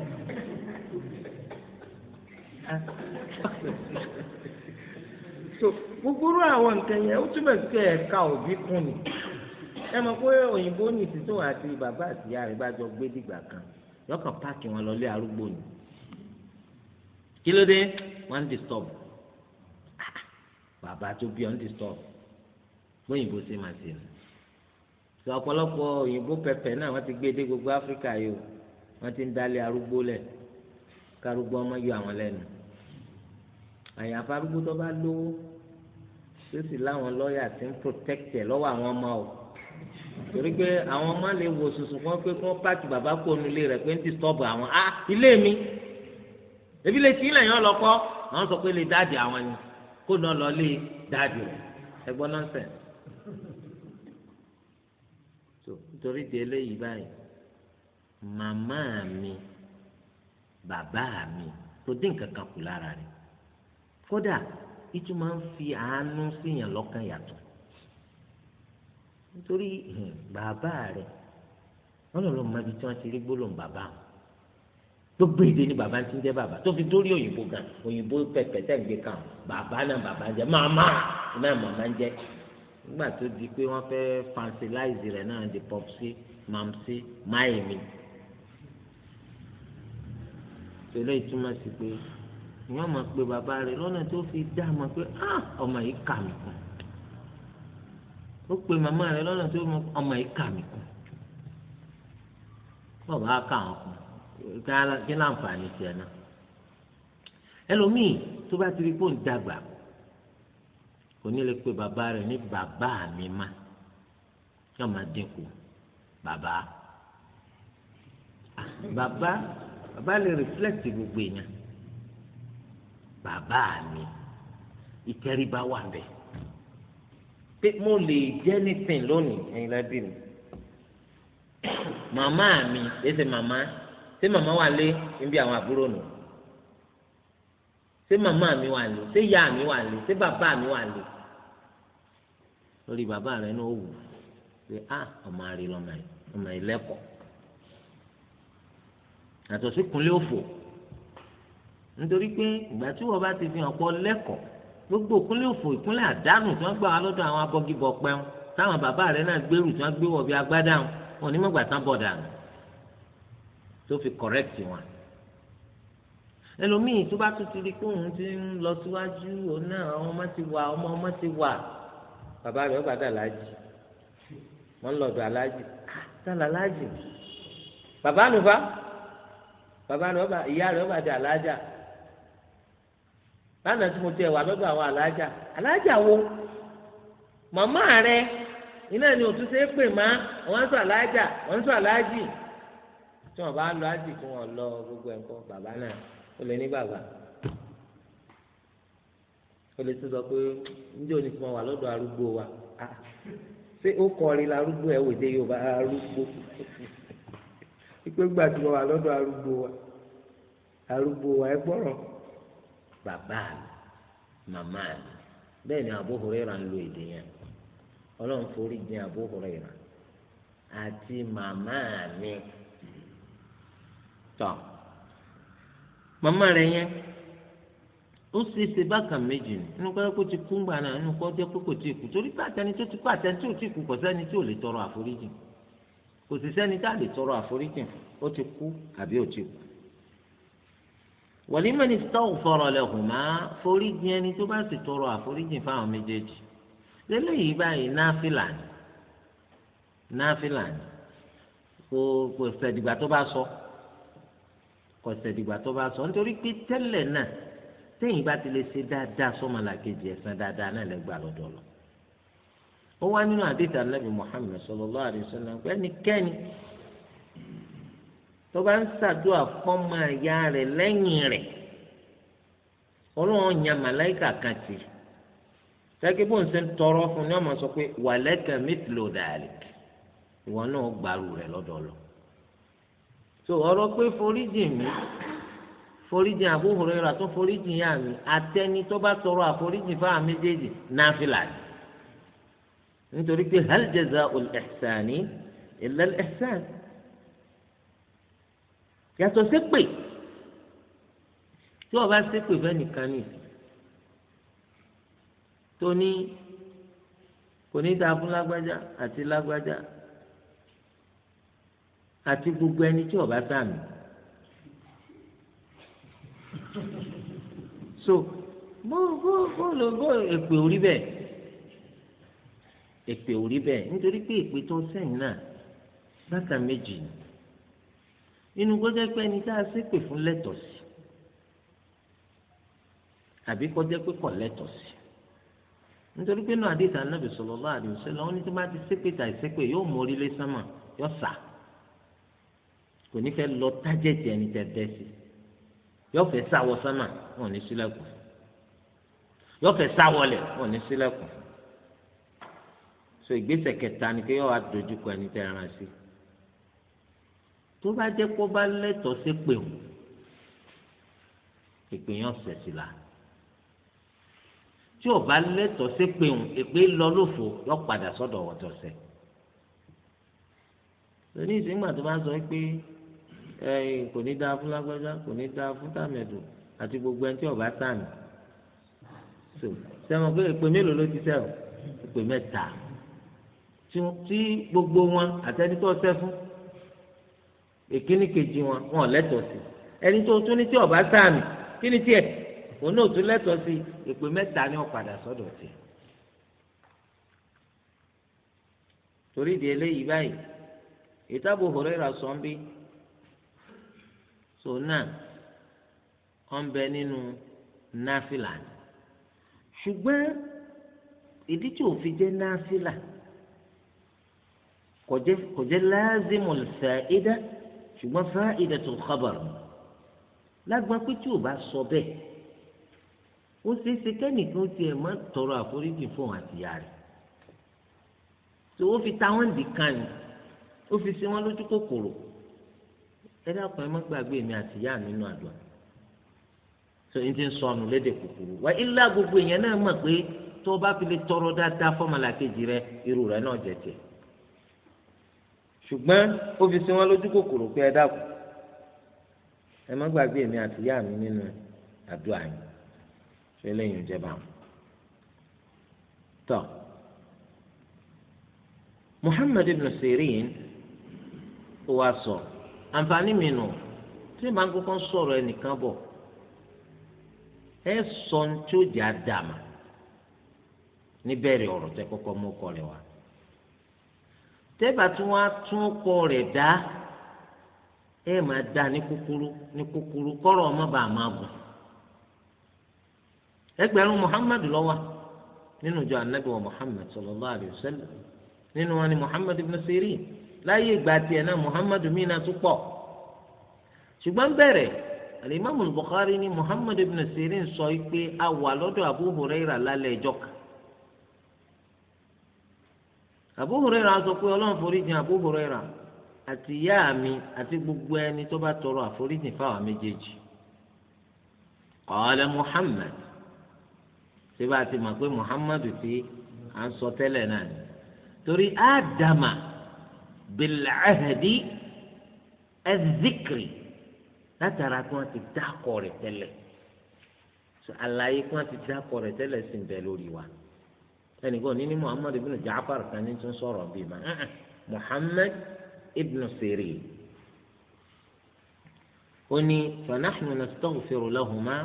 so gbogbo àwọn nǹkan yẹn ó túbọ̀ sí ẹ̀ka òbí kún ni ẹ mọ̀ pé òyìnbó ní ìsìtò àti bàbá àti ìyá rẹ̀ bá jọ gbé dìgbà kan yọkàn páàkì wọn lọlé arúgbó ni kí ló dé wọn ń disturb ah, bàbá tó bí ọ ń disturb bóyìnbó ṣe máa ṣe nù sọ ọ̀pọ̀lọpọ̀ òyìnbó pẹpẹ náà wọ́n ti gbé dé gbogbo áfíríkà yìí o wọ́n ti ń dálé arúgbó lẹ̀ kárúgbó ọmọ yọ àwọn lẹ́nu àyàfà arúgbó tó bá lówó tó sì láwọn lọ́ọ̀yà tí ń protect ẹ̀ lọ́wọ́ àwọn ọmọ o torí pé àwọn ọmọ lè wo sùsù kan pé kí wọ́n pààkì bàbá kó nu ilé rẹ̀ pé ń disturb àwọn ah ilé mi ebi lè ti ilẹ̀ yẹn lọ́kọ́ àwọn sọ pé lè dáàdì àwọn ni kó náà lọ lé dáàdì rẹ̀ ẹ gbọ́ nọ́ọ̀sẹ̀ torí di eléyìí báyìí màmá mi bàbá mi kò dín kankan kù lára rẹ̀ kódà ìtú máa ń fi àánú síyàn lọ́kàn yàtọ̀ nítorí hmm, bàbá rẹ̀ wọ́n lọ́ọ́ mọ ibi tí wọ́n ti rí gbólóhùn bàbá wọn gbogbo èdè ni bàbá ti ń jẹ́ bàbá tó fi dórí òyìnbó gan òyìnbó pẹpẹ tẹgbẹ kan bàbá náà bàbá ń jẹ́ màmá náà màmá jẹ́ nígbà tó di pé wọ́n fẹ́ fancilize rẹ̀ náà di popsi mamsi máyèmí tẹ́lẹ̀ ìtumọ̀ sí pé ìyẹn máa pe bàbá rẹ̀ lọ́nà tó fi dá máa pé ah, ọmọ yìí kà mí kún ó pe màmá rẹ̀ lọ́nà tó ọmọ yìí kà mí kún bàbá kà wọn kún kí láǹfààní tiẹ̀ náà ẹlòmíì tó bá ti rí kó ń dàgbà kò ní lè pe bàbá rẹ̀ ní bàbá mi má yóò máa dínkù bàbá ah, bàbá bàbá lè rìflẹ́tì gbogbo èèyàn bàbá mi ìtẹríba wà bẹ́ẹ̀ pé mo lè jẹ́ nísìn lónìí ẹ̀yin lábí mi màmá mi ẹsẹ̀ màmá ṣé màmá wà lé níbi àwọn àbúrò nù ṣé màmá mi wà lé ṣé ìyá mi wà lé ṣé bàbá mi wà lé lórí bàbá rẹ náà wù pé a ah, ọmọ àrè lọmọ ẹ ọmọ ẹ òfò nítorí pé ìgbà tí wọ́n bá ti fi hàn pọ̀ lẹ́kọ̀ọ́ gbogbo ìkúnlẹ̀ òfò ìkúnlẹ̀ àdánù tí wọ́n gbà wá lọ́dọ̀ àwọn abọ́gibọ̀ pẹ́un táwọn bàbá rẹ̀ náà gbèrú tí wọ́n gbé wọ̀ bí agbádá wọn wọn ní mọ̀gbà tán bọ̀ dànù tó fi correct wọn. ẹlòmíì tó bá tún ti rí pé òun ti ń lọ síwájú òun náà àwọn ọmọ ti wà ọmọ ọmọ ti wà bàbá rẹ̀ ó bá dà láàjì wọ́n ń lọ́dọ̀ aláàjì ah, dàlà láàjì bàbá nù bàbá rẹ̀ ó ìyá rẹ̀ ó dà láàjà lánàá tí mo wà ẹ̀wà lọ́dọ̀ àwọn alájà alájà wo màmá rẹ iná ni òtún ṣe é pè má wọ́n ń sọ alájà ń sọ tí wọ́n bá lọ gbogbo ẹ̀kọ́ bàbá náà ó lè ní bàbá ó lè tún sọ pé òní tí wà lọ́dọ̀ arúgbó wa ah, ṣé ó kọrin ẹ̀ wòde Yorùbá arúgbó [laughs] wà lọ́dọ̀ arúgbó wa arúgbó wa ẹ bàbá mi màmá mi bẹ́ẹ̀ ni Abu ń lo èdè yẹn ọlọ́run forí jìn taa. àti màmá mi tọ̀ màmá rẹ̀ yẹn ó ṣe ṣe bákan méjì ni inú kọ́jọ́ kó ti kú ńgbà náà inú ti kú àtẹni tí ò tí ì kú kò sẹ́ni tí ò lè tọrọ àforíjì kò sì sẹ́ni a lè tọrọ àforíjì ó ti kú àbí ò ti wàlímọ̀ ní sọ́ọ̀fọ̀rọ̀ lẹ́hùnmá foríjì ẹni tó bá sì tọrọ àforíjì fáwọn méjèèjì lélẹ́yìí báyìí náfìlà ni náfìlà ni kò kò sẹ̀dìgbà tó bá sọ kò sẹ̀dìgbà tó bá sọ nítorí pé tẹ́lẹ̀ náà téèyàn bá ti lè ṣe dáadáa sọ́mọlàkejì ẹ̀san dáadáa náà lẹ́gbàá lọ́dọ̀ lọ. ó wá nínú àdìtà nàbì Muhammad sallallahu alaihi wasallam pé tó bá ń ṣàdúrà fọ́mọ ìyá rẹ̀ lẹ́yìn rẹ̀ ọlọ́run yan màláìkà kan tì sẹ́kí bó ń ṣe ń tọrọ fún ni wọ́n máa sọ pé wàlẹ́kẹ̀ mithlo dalik ìwọ náà gbàrú rẹ̀ lọ́dọ̀ lọ. tó ọ̀rọ̀ pé foríjìn mi foríjìn Abu Huraira tó foríjìn yá mi atẹ́ni tó bá tọrọ àforíjìn fáwọn méjèèjì náfìlà ni. nítorí pé hal jaza'ul ihsani illa yàtọ̀ sépè tí wọ́n bá sépè fẹ́ nìkan ni tó ní kò ní dáa fún lágbájá àti lágbájá àti gbogbo ẹni tí wọ́n bá sàmì so bó bó bó ló bó èpè orí bẹ́ẹ̀ èpè orí bẹ́ẹ̀ nítorí pé èpè tó sẹ́yìn náà bákan méjì ni nínú kó jẹ́ pé ẹni tá a ṣépè fún lẹ́tọ̀ọ́ sí àbí kó jẹ́ pé kò lẹ́tọ̀ọ́ sí nítorí pé náà àdéhùn anábì sallallahu alaihi wasallam ní tí wọ́n bá ti ṣépè tà ìṣépè yóò mú orílẹ̀ sánmà yóò sà kò ní fẹ́ lọ tájẹ̀tì ẹni tẹ̀ bẹ́ẹ̀ sí yóò fẹ́ sáwọ sánmà wọn ní sílẹ̀kùn yóò fẹ́ sáwọlẹ̀ wọn ní sílẹ̀kùn so ìgbésẹ̀ kẹta ni pé yóò wá dojú kọ ẹni tẹ̀ ẹran sí tó bá jẹ́ pọ́ bá lẹ́tọ̀ọ́ sí pé o èpè yẹn ọ̀sẹ̀ sí la tí o bá lẹ́tọ̀ọ́ sí pé o èpè lọ lófo yọ padà sọ́dọ̀ ọ̀tọ̀ sẹ́ lónìí ìsìngbà tó bá sọ pé ẹyìn kò ní dáa fún lágbájá kò ní dáa fún tàmẹ̀dù àti gbogbo ẹni tí o bá tàmì sẹ́wọ̀n pé èpè mélòó ló ti sẹ́wọ̀n èpè mẹ́ta tí gbogbo wọn àtẹnitọ́ sẹ́ fún èkíní kejì wọn wọn lẹ́tọ̀ọ́ sí ẹni tó tún ní tí ọba sáàmì kí ni tiẹ̀ òun náà tún lẹ́tọ̀ọ́ sí èpè mẹ́ta ni ó padà sọ́dọ̀ tiẹ̀ torí di eléyìí báyìí ìtàbù Huraira sọ́nbí sọ́nà ọ̀nbẹ nínú náfìlà ṣùgbọ́n ìdí tí òfin jẹ́ náfìlà kò jẹ́ láàzìmù fàídà ṣùgbọ́n fa'idatul khabar lágbá pé tí o bá sọ bẹ́ẹ̀ ó ṣeé ṣe kẹ́nìkan ó tiẹ̀ má tọrọ àforíjì fún òun àtìyá rẹ̀ tó o fi ta wọ́n dì kan ni ó fi ṣe wọ́n lójú kòkòrò ẹ dákun ẹ má gbàgbé mi àtìyá nínú àdúrà tó ń ti sọnù lédè kòkòrò wá ilá gbogbo èèyàn náà mọ̀ pé tó o bá fi lè tọrọ dáadáa fọ́mọlàkejì rẹ irú rẹ náà jẹ ṣùgbọ́n ó fi sí wọn lójú kòkòrò pé ẹ dákun ẹ má gbàgbé èmi àti ìyá mi nínú àdúrà yìí ṣé lẹ́yìn ìjẹba tọ́ Muhammad ibn Sirin ó wá sọ àǹfààní mi nù tí màá kọ́kọ́ sọ̀rọ̀ ẹnìkan bọ̀ ẹ sọ ní tí ó jẹ́ àdàmà níbẹ̀rẹ̀ ọ̀rọ̀ tẹ kọ́kọ́ mú kọ́ rẹ̀ tẹ́bà tí wọ́n á tún kọ rẹ̀ dá ẹ máa dá ní kúkúrú ní kúkúrú kọ́rọ̀ ọmọ bàá máa gùn ẹgbẹ̀rún muhammadu lọ́wọ́ nínú ìjọ anabi wa muhammad sallallahu alayhi wa sallam nínú wọn ni muhammadu ibn sirin láyé ìgbà tiẹ̀ náà muhammadu mina tún pọ̀ ṣùgbọ́n bẹ̀rẹ̀ alimami bukhari ni muhammad ibn sirin sọ pé a wà lọ́dọ̀ abu huraira lálẹ́ ìjọ kan Abu Hurairah sọ pé ọlọ́run foríjìn Abu Hurairah àti ìyá mi àti gbogbo ẹni tó bá tọrọ àforíjìn fáwọn méjèèjì. Qala Muhammad ṣé bá a ti mọ̀ pé Muhammad ti à ń sọ tẹ́lẹ̀ náà ni torí Ádámà bil'ahdi az-zikri látara kí wọ́n ti dákọ̀ rẹ̀ tẹ́lẹ̀ àlàyé kí wọ́n ti dákọ̀ rẹ̀ tẹ́lẹ̀ sì ń bẹ lórí wa ẹnìkan ò ní ní muhammad ibn jaafar kan ní tún sọ̀rọ̀ bíi ma muhammad ibn sirin ó ní fanahnu nastaghfiru lahuma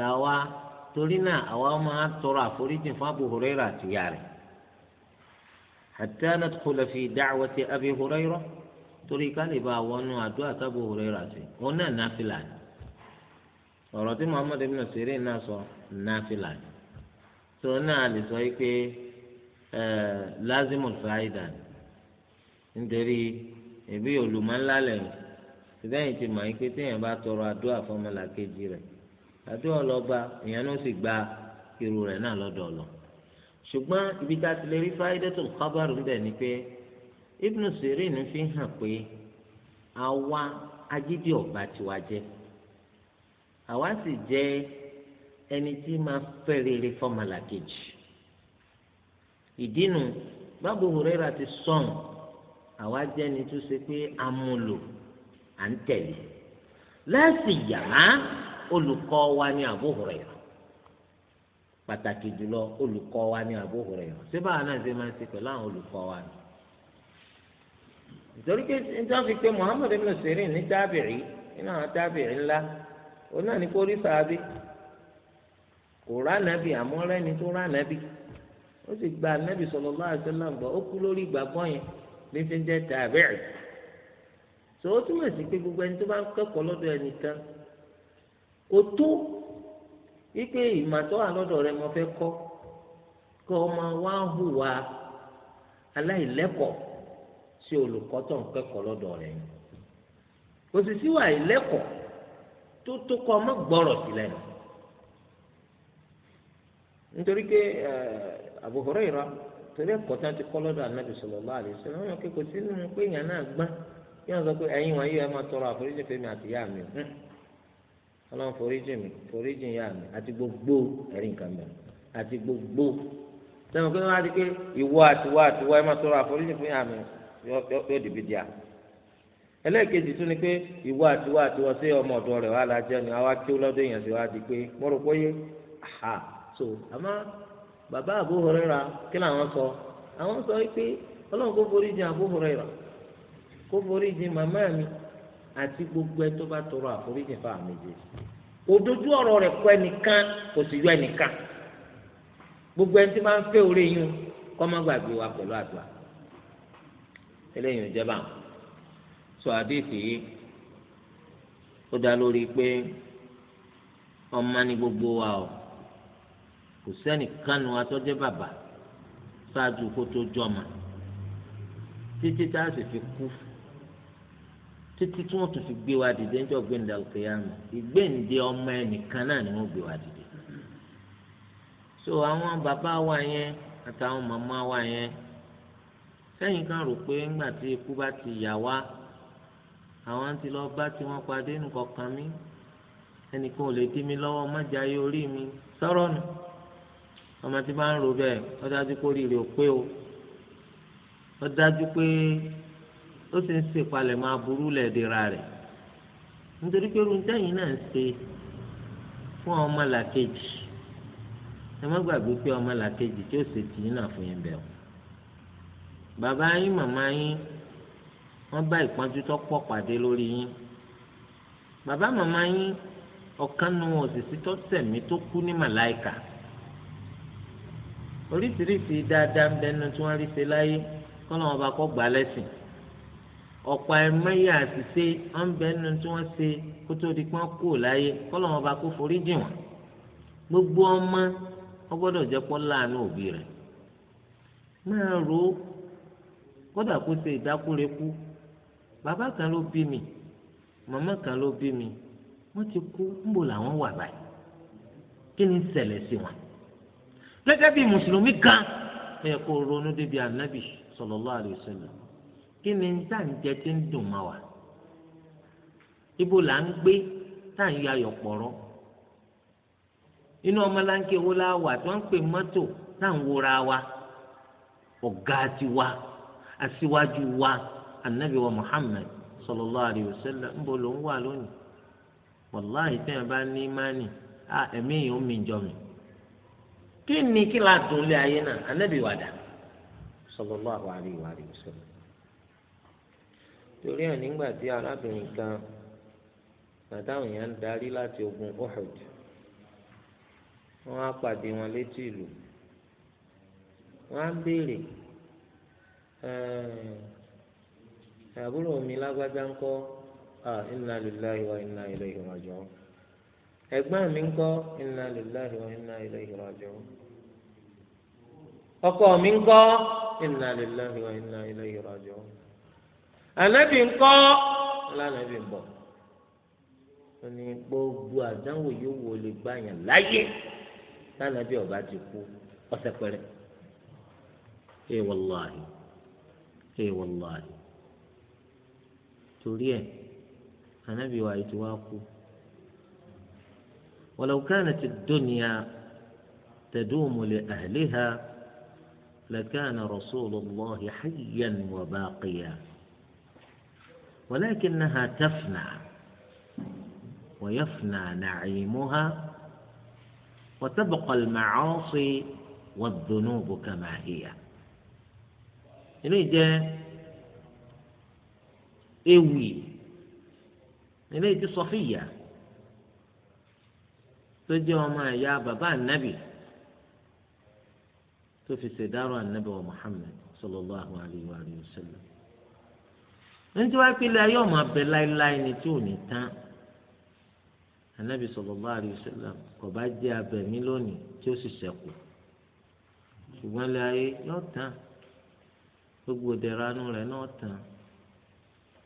làwa torí náà àwa máa tọrọ àforíjì fún abu huraira àti ìyá rẹ̀ hatta nadkhula fi da'wati abi huraira torí ká lè bá wọnú àdúrà tábù huraira sí òun náà náfìlà ọ̀rọ̀ tí muhammad ibn sirin náà sọ náfìlà ni tó náà lè sọ pé lazimu faida nítorí ẹbí olùmọ̀ńlá lẹ́yìn síbẹ̀yìn ti mọ̀ pé téèyàn bá tọrọ àdúrà fọmọlàkejì rẹ̀ àdúrà ọlọ́ba èèyàn ló sì gba irú rẹ̀ náà lọ́dọ̀ ọ̀lọ́ ṣùgbọ́n ibi tá a ti lè rí faidatul khabar ńbẹ̀ ni pé Ibn Sirin fi hàn pé àwa agídí ọ̀gbà tiwa jẹ́ àwa sì jẹ́ ẹni tí máa fẹ́ rere fọmọlà kejì ìdínú bábò Huraira ti sọ̀n àwa jẹ́ni tó ṣe pé amúlò à ń tẹ̀lé láti yàrá olùkọ́ wa ní Abu Huraira pàtàkì jùlọ olùkọ́ wa ní Abu Huraira síbà náà ṣe máa ń ṣe pẹ̀lú àwọn olùkọ́ wa ni nítorí pé nítorí fi pé Muhammad ibn Sirin ní tábìrì nínú àwọn tábìrì ńlá òun náà ní kó rí sàábì. kò rà nàbì àmọ́ rẹ́ni tó rà nàbì ó sì gba nàbì sallallahu alaihi wasallam gbọ́ ó kú lórí ìgbàgbọ́ yẹn ní fi ń jẹ́ tàbíì tó o túmọ̀ sí pé gbogbo ẹni tó bá ń kẹ́kọ̀ọ́ lọ́dọ̀ ẹnìkan kò tó wípé ìmọ̀tọ́ àlọ́dọ̀ rẹ mo fẹ́ kọ́ kọ́ ọ wa wá hùwà aláìlẹ́kọ̀ọ́ sí olùkọ́ tó ń kẹ́kọ̀ọ́ lọ́dọ̀ rẹ kò sì síwà ìlẹ́kọ̀ọ́ tó tó kọ́ gbọ́rọ̀ nítorí pé eh, Abu Hurairah torí ẹ̀kọ́ tí wọ́n ti kọ́ lọ́dọ̀ Ànábì sallallahu alaihi wasallam wọ́n yàn pé kò sínú pé èèyàn náà gbọ́n kí wọ́n sọ pé ẹ̀yin wọ̀nyí ẹ̀ máa tọrọ àforíjì fèmi àti ìyá mi hmm. ọlọ́run foríjì mi foríjì mi àti gbogbo ẹ̀rí nǹkan àti gbogbo sẹ́wọ̀n pé wọ́n á ìwọ àtiwọ́ àtiwọ́ tọrọ àforíjì fún mi yóò díà ẹlẹ́ẹ̀kejì tún ni pé ìwọ àtiwọ́ àtiwọ́ sí ọmọ ọ̀dọ́ rẹ̀ wà lájẹ́ ni so àmọ́ baba Abu Huraira kí làwọn sọ àwọn sọ pé ọlọ́run kó forí jìn Abu Huraira kó forí jìn màmá mi àti gbogbo ẹ tó bá tọrọ àforíjìn fáwọn méjèèjì òdodo ọ̀rọ̀ rẹ̀ kọ ẹnìkan kò sì yọ ẹnìkan gbogbo ẹni tí máa ń fẹ́ orí yín kọ́ má gbàgbé wa pẹ̀lú àdúrà eléyìí ò jẹ́ bá wọn sọ àdéhìí yìí ó dá lórí pé ọmọ ní gbogbo wa o kò sẹ́ni kánú atọ́jẹ́ bàbá ṣáájú kó tó jọmọ títí tá a sì fi kú títí tí wọ́n tún fi gbé wa dìde ńjọ́ gbẹ̀ǹdà òkèèyàn ìgbẹ̀ǹdé ọmọ ẹnìkan náà ni wọ́n gbé wa dìde so àwọn bàbá wa yẹn àtàwọn màmá wa yẹn sẹ́yìn kan rò pé ńgbà tí ikú bá ti yà wá àwọn ti lọ bá tí wọ́n padé nǹkan kan mí ẹnìkan ò lè dí mi lọ́wọ́ má jayé orí mi sọ̀rọ̀ nù ọmọ tí bá ń ro bẹ́ẹ̀ ó dájú pé oríire ò pé o ó dájú pé ó sì ń ṣèpalẹ̀ máa burú lẹ́ẹ̀dẹ̀ra rẹ̀ nítorí pé irun tẹ́yìn náà ń ṣe fún ọmọ làkejì ẹ má gbàgbé pé ọmọ làkejì tí ó ṣe tì í náà fún yín bẹ́ẹ̀ o bàbá yín màmá yín wọ́n bá ìpọ́njú tó pọ̀ pàdé lórí yín bàbá màmá yín ọ̀kan nu òṣìṣẹ́ tó sẹ̀mí tó kú ní màláìkà oríṣiríṣi dáadáa ń bẹnu tí wọ́n rí ṣe láyé kọ́nà ọba kọ́ gbà lẹ́sìn ọ̀pọ̀ ẹ̀mẹ́yẹ àṣìṣe ń bẹnu tí wọ́n ṣe kó tó di pọ́n kú láyé kọ́nà ọba kó forí jì wọ́n gbogbo ọmọ wọ́n gbọ́dọ̀ jẹ́ pọ́ láàánú òbí rẹ̀ máa ro kódà kó ṣe ìdákúrekú bàbá kan ló bí mi màmá kan ló bí mi wọ́n ti kú ńbò làwọn wà báyìí kí ni ń sí wọn gẹ́gẹ́ bí mùsùlùmí gan ẹ kò ronú débi ànábì sallallahu alaihi wasallam kí ni tá à ń jẹ tí ń dùn mọ́ wa ibo là ń gbé tá à ń la tí wọ́n ń pè mọ́tò tá à ń wa ọ̀gá tiwa wa ànábì wa Muhammad sallallahu alaihi wasallam ń bọ̀ ló ń wà lónìí wàláhì tẹ́yìn bá ní ẹ̀mí yìí kí ni kí la dùn lé ayé náà anábì wà dà sallallahu torí ẹ̀ nígbà tí arábìnrin kan ń darí láti ogun Uhud wọn á pàdé wọn létí ìlú wọn á béèrè àbúrò mi lágbájá ń kọ́ inna lillahi wa inna ilaihi ẹ̀gbọ́n mi ń kọ́ inna lillahi wa inna ilayhi raji'un ọkọ mi ń kọ́ inna lillahi wa inna ilayhi raji'un ànábì ń kọ́ ọlànàbì ń bọ̀ ó ní gbogbo àdánwò yóò wò lè gbàyàn láyé lánàbì ọba ti kú ọ̀sẹ̀ pẹ̀rẹ̀ ẹ wàláhì ẹ wàláhì torí ẹ ànábì wa yìí ti wá kú. ولو كانت الدنيا تدوم لأهلها لكان رسول الله حيا وباقيا ولكنها تفنى ويفنى نعيمها وتبقى المعاصي والذنوب كما هي إليه جاء إيوي إليه ti صفية tó jẹ́ ọmọ ẹ̀yà bàbá ànábì tó fi ṣèdárò ànábì wa Muhammad sallallahu alayhi wa sallam nítorí wá pé ayé ọmọ abẹ láéláé ni tí ò ní tán ànábì sallallahu alayhi wa kò bá jẹ́ abẹ̀mí lónìí tí ó sì ṣẹ́kù ṣùgbọ́n ilé ayé yóò tán gbogbo ìdẹ̀ranú rẹ̀ náà tán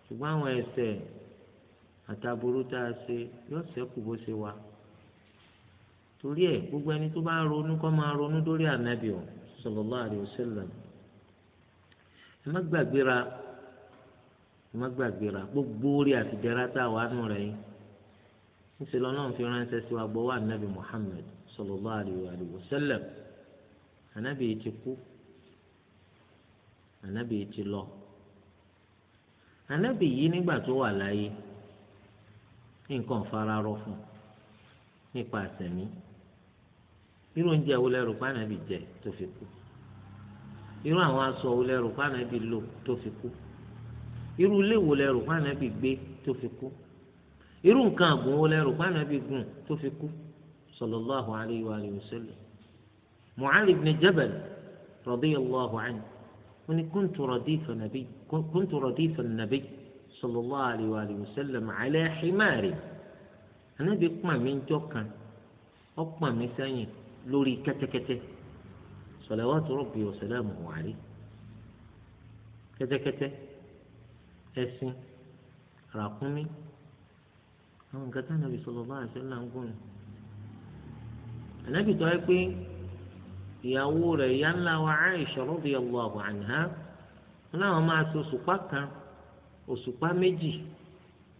ṣùgbọ́n àwọn àtàbùrú tá a ṣe torí ẹ gbogbo ẹni tó bá ń ronú kó máa ronú dórí ànábì ọ sallallahu alaihi wasallam ẹ má gbàgbéra ẹ má gbàgbéra gbogbo orí àtìjẹrà tá a wà nù rẹ yìí níṣẹ́ lọ́nà fi ránṣẹ́ sí wa gbọ́wọ́ ànábì Muhammad sallallahu alaihi ànábì yìí ti kú ànábì yìí ti lọ ànábì yìí nígbà tó wà láyé nǹkan fara rọ fún nípa àtẹ̀mí irú oúnjẹ wo lẹ́rù pànàbì jẹ tó fi kú irú àwọn aṣọ wo lẹ́rù pànàbì lò tó fi kú irú ilé wo lẹ́rù pànàbì gbé tó fi kú irú nǹkan àgùn wo lẹ́rù pànàbì gùn tó fi kú sallallahu alayhi wa alihi wa sallam mu'adh ibn jabal radiyallahu anhu wani kuntu radifa nabi kuntu radifa nabi alayhi wa alihi wa sallam ala himari anabi pàmì jọ kan ó pàmì sẹ́yìn lórí kẹtẹkẹtẹ salawatu rabbi wa salamuhu alayhi kẹtẹkẹtẹ ẹṣin ràkúnmí àwọn nǹkan tí ànábì sallallahu alaihi wasallam ń gùn ní. ànábì tó wáyé pé ìyàwó rẹ̀ ìyá ńlá wa Aisha radiyallahu anha wọn làwọn máa ṣe òṣùpá kan òṣùpá méjì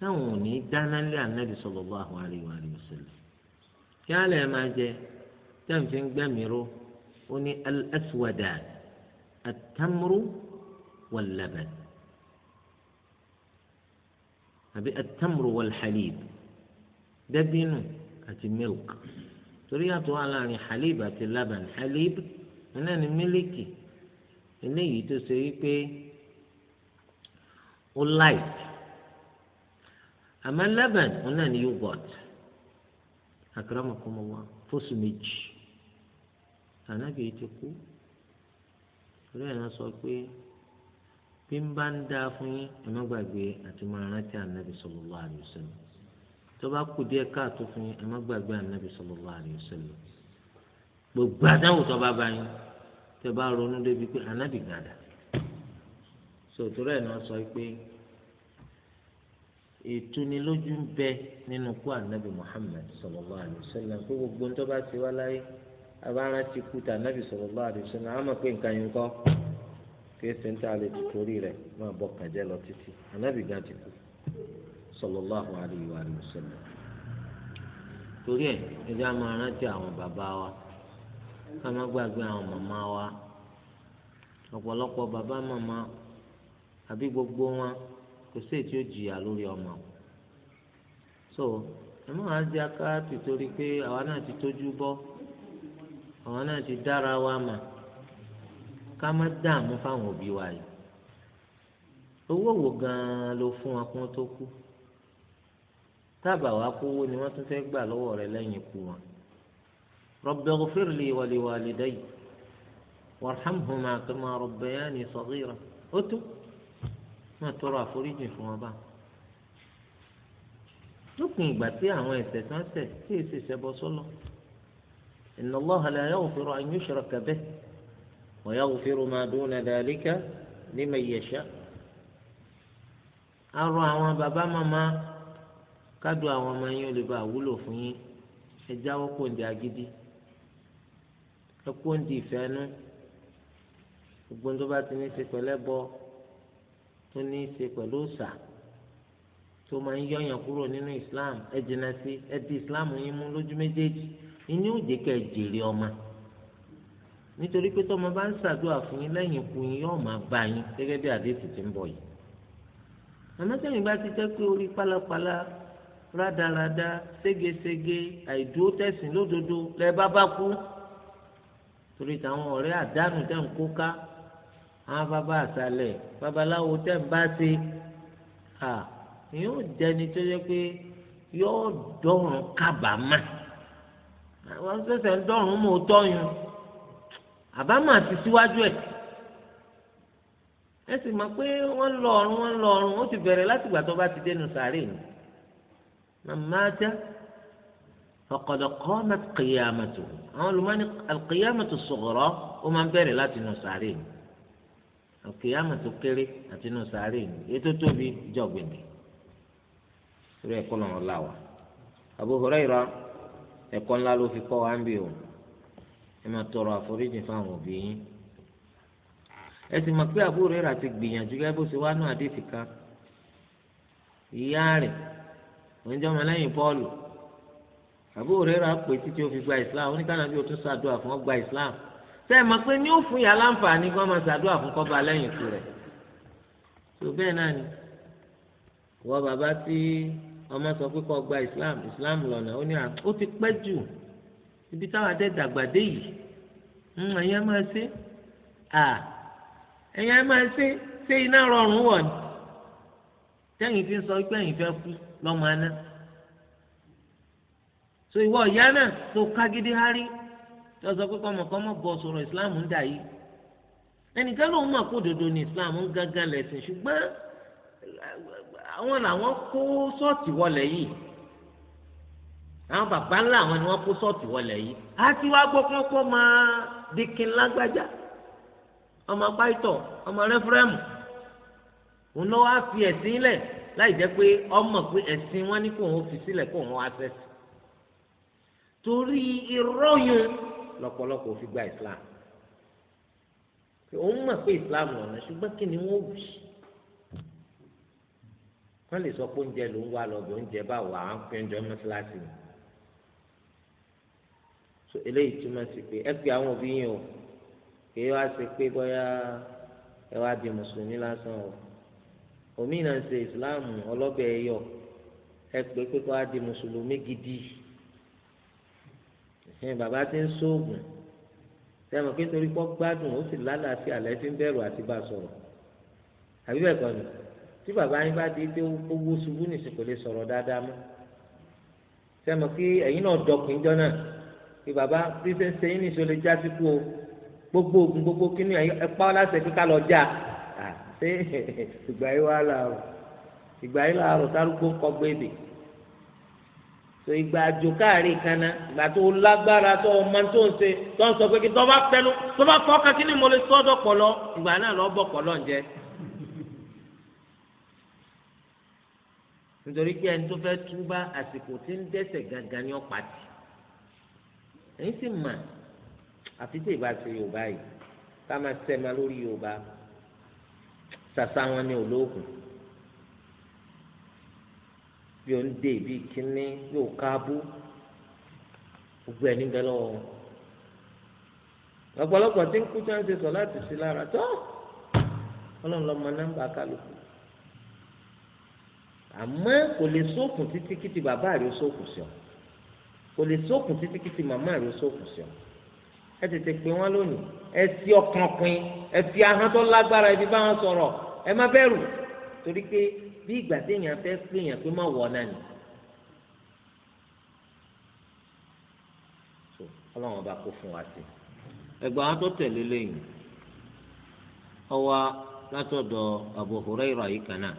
táwọn ò ní dáná lé ànábì sallallahu alaihi wasallam kí á lè máa jẹ tẹ́ǹfì ń gbẹ́mìíró ó ní al-aswadan at-tamru wal-laban àbí at-tamru wal-halib dẹ́bínú àti milk torí yàtọ̀ wà láàrin halib àti laban halib iná ni mílíkì eléyìí tó ṣe wípé ó light àmọ́ laban ó náà ní yogurt akramakumullah fóṣù méjì. ànábì yìí ti kú torí ẹ̀ náà sọ pé bí n bá ń dáa fún yín ẹ má gbàgbé àti máa rántí ànábì sallallahu alaihi wasallam tó bá kù díẹ̀ káàtó fún yín ẹ má gbàgbé ànábì sallallahu alaihi wasallam gbogbo àdáwò tó bá bá yín tẹ́ bá ronú débi pé ànábì gàdà sòtúrọ̀ ẹ̀ náà sọ pé ìtunilójú ń bẹ nínú kú ànábì Muhammad sallallahu alaihi wasallam pé gbogbo ń tó bá ti wá láyé. abaana ti kuta anabi sɔrɔ lɔɔri sɔmi ama pe nka yin kɔ kese ntɛ ale ti tori rɛ bọ bɔ je lɔ titi anabi gan ti ku sɔlɔ lɔɔri wa aliyu wa aliyu sɔmi torí ama ara ti àwọn baba wa kama gbàgbé àwọn mama wa ọpɔlɔpɔ baba mama abi gbogbo wa kò sí ètò ìjìyà lórí ọmọ so ẹ má wá di aka ti torí pé àwa náà ti tójú bɔ. àwọn náà ti dára wa mà ká má dààmú fáwọn òbí wa yìí owó wo gan-an ló fún wọn kó tó kú tábà wàá kówó ni wọ́n tún fẹ́ gbà lọ́wọ́ rẹ lẹ́yìn ikú wọn rabbighfir li wa li walidayya warhamhuma kama rabbayani ó tó wọn tọrọ àforíjì fún wọn bá lópin ìgbà tí àwọn ẹ̀ṣẹ̀ tí wọ́n tí èsì ṣẹbọ sọlọ. So إن الله لا يغفر أن يشرك به ويغفر ما دون ذلك لمن يشاء arọ àwọn bàbá màmá kádù àwọn ọmọ yín ó lè bá wúlò fún yín ẹ jáwọ́ kóńdé agídí ẹ kóńdé ìfẹ́nu gbogbo tó bá ti ní í ṣe pẹ̀lú ẹbọ tó ní í ṣe pẹ̀lú òòṣà tó máa ń yọyàn kúrò nínú Islam ẹ jìnnà sí ẹ di Islam yín mú lójú méjèèjì ìní ò jẹ́ kẹ́ ẹ jèrè ọmọ nítorí pé tọmọ bá ń ṣàdúrà fún yín lẹ́yìn ikú yín yóò máa bá yín gẹ́gẹ́ bí àdéhùn ti ń bọ̀ yìí àmọ́ sẹ́yìn bá ti jẹ́ pé orí pálapàla rádaràda ségesège àìdúró tẹ̀sìn lódodo lẹ́ẹ̀ bá bá kú torí táwọn ọ̀rẹ́ àdánù tẹ̀ ń kó ká àwọn bàbá àṣàlẹ̀ babaláwo tẹ̀ ń bá ṣe à yóò jẹni tó yẹ pé yóò dọ̀rùn kábàámà wọ́n ṣẹ̀ṣẹ̀ ń dọ̀rùn mọ́ tọ́yún àbámọ̀ àti síwájú ẹ̀ ẹ sì mọ̀ pé wọ́n lọ ọ̀run wọ́n lọ ọ̀run ó ti bẹ̀rẹ̀ láti ìgbà tó bá ti dénú sàárè ni màmá já ọ̀kọ̀dọ̀kọ́ kìyàmẹ̀tò àwọn olùmọ́ni kìyàmẹ̀tò sọ̀rọ̀ ó máa ń bẹ̀rẹ̀ láti inú sàárè ni kìyàmẹ̀tò kéré àti inú sàárè ni ètò tóbi jọ̀gbìnì ẹ̀kọ́ ńlá ló fi kọ́ wa ń bì o ẹ máa tọrọ àforíjì fáwọn òbí yín ẹ sì mọ̀ pé àbúrò rẹ̀ àti gbìyànjú gẹ́gẹ́ bó ṣe wá náà àdéhìí ká ìyá rẹ̀ oníjọ́ ọmọ lẹ́yìn Pọ́ọ̀lù àbúrò rẹ̀ rà pé títí ó fi gba Islam oníkànnàbí ó tún ṣàdúrà fún ọgbà Islam ṣe é mọ̀ pé ní ó fún ìyá láǹfààní kí wọ́n máa ṣàdúrà fún kọ́ba lẹ́yìn ikú rẹ̀ tó bẹ́ẹ̀ náà ni wọ́n bàbá tí. Si ọmọ sọ pé kó gba islam islam lọ́nà ó ní à ah, ó ti pẹ́ jù ibi táwọn adé dàgbà dé yìí hmm, ẹ̀yin á máa ṣe à ah, ẹ̀yin á máa ṣe ṣé iná rọrùn wọ̀ ni tẹ́yìn fi sọ pé ẹ̀yin fẹ́ kú lọ́mọ aná so ìwọ ìyá náà tó kágídí hárí tó sọ pé kọ́mọ kọ́mọ bọ̀ sọ̀rọ̀ islam ń dà yìí ẹnìkan lòun mọ̀ kó òdodo ní islam ń gángan lẹ̀sìn ṣùgbọ́n àwọn làwọn kó sọ́ọ̀tì wọlé yìí àwọn bàbá ńlá àwọn ni wọ́n kó sọ́ọ̀tì wọlé yìí á ti wá gbọ́ kọ́kọ́ máa dikin lágbájá ọmọ pàìtọ̀ ọmọ rẹ́fúrẹ́mù òun ló wá fi ẹ̀sìn lẹ̀ láì jẹ́ pé ọmọ pé ẹ̀sìn wọn ní kò wọ́n fi sílẹ̀ kò wọ́n wá sẹ́sì torí irọ́ yun lọ́pọ̀lọpọ̀ fi gba Islam òun mọ̀ pé Islam lọ́nà ṣùgbọ́n kí ni wọ́n wù sí wọ́n lè sọ pé oúnjẹ ló ń wá lọ́bẹ̀ oúnjẹ bá wà á ń pín oúnjẹ mọ́ṣáláṣí ni so eléyìí túmọ̀ sí pé ẹ pé àwọn òbí yín o kì í wá ṣe pé bóyá ẹ wá di mùsùlùmí lásán o òmí náà ṣe ìsìláàmù ọlọ́bẹ̀ ẹ̀yọ ẹ pé pé kó wá di mùsùlùmí gidi ẹ̀hìn bàbá ti ń sóògùn sẹ́mi pé torí pọ́ gbádùn ó sì lálàáfíà lẹ́sìn bẹ̀rù àti bá sọ̀rọ̀ àbí bẹ́ẹ̀ kọ́ ni tí bàbá yín bá di pé owó ṣubú nìsín kò lè sọ̀rọ̀ dáadáa mọ́ sẹ́mi kí ẹ̀yin náà dọkùn jọ náà kí bàbá bí ṣe ń ṣe yín nìṣó lè já sí kú o gbogbo oògùn gbogbo kínní ẹ̀pá ọlásẹ̀ kíkà lọ já ṣé [laughs] ìgbà yìí wà láàrọ̀ ìgbà yìí láàrọ̀ sárúgbó kọ gbèbè tó ìgbà àjò káàrí kaná ìgbà tó lágbára tó ọmọ tó ń ṣe tó ń sọ pé kí tó bá pẹnu tó bá fọ́ nítorí pé ẹni tó fẹ́ túbá àsìkò tí ń dẹ́ṣẹ̀ gangan ni ó pàtì èyí sì mà àfi tí ìbá ṣe yorùbá yìí ká máa ṣẹ́ ma lórí yorùbá ṣàṣà wọn ni olóògùn bí ó ń dé ibi kíní yóò káàbù gbogbo ẹni bẹ lọ́wọ́ wọn ọ̀pọ̀lọpọ̀ tí ń kú tí wọ́n ṣe sọ láti sí lára tó ọlọ́run lọ́mọ nọ́mbà kálukú àmọ́ kò lè sókun títí kìtì bàbá rẹ̀ sókun sí ọ kò lè sókun títí kìtì màmá rẹ̀ sókun sí ọ ẹ tètè pé wọn lónìí ẹ sí ọkàn pin ẹ fi ahọ́n tó lágbára ẹ fi bá wọn sọ̀rọ̀ ẹ má bẹ̀rù torí pé bí ìgbà téèyàn fẹ́ péèyàn pé má wọ̀ náà ni. ọlọ́run ọba kó fún wa sí ẹgbẹ́ àwọn tó tẹ̀lé lẹ́yìn ọwọ́ látọ̀dọ̀ Abu Hurairah yìí náà.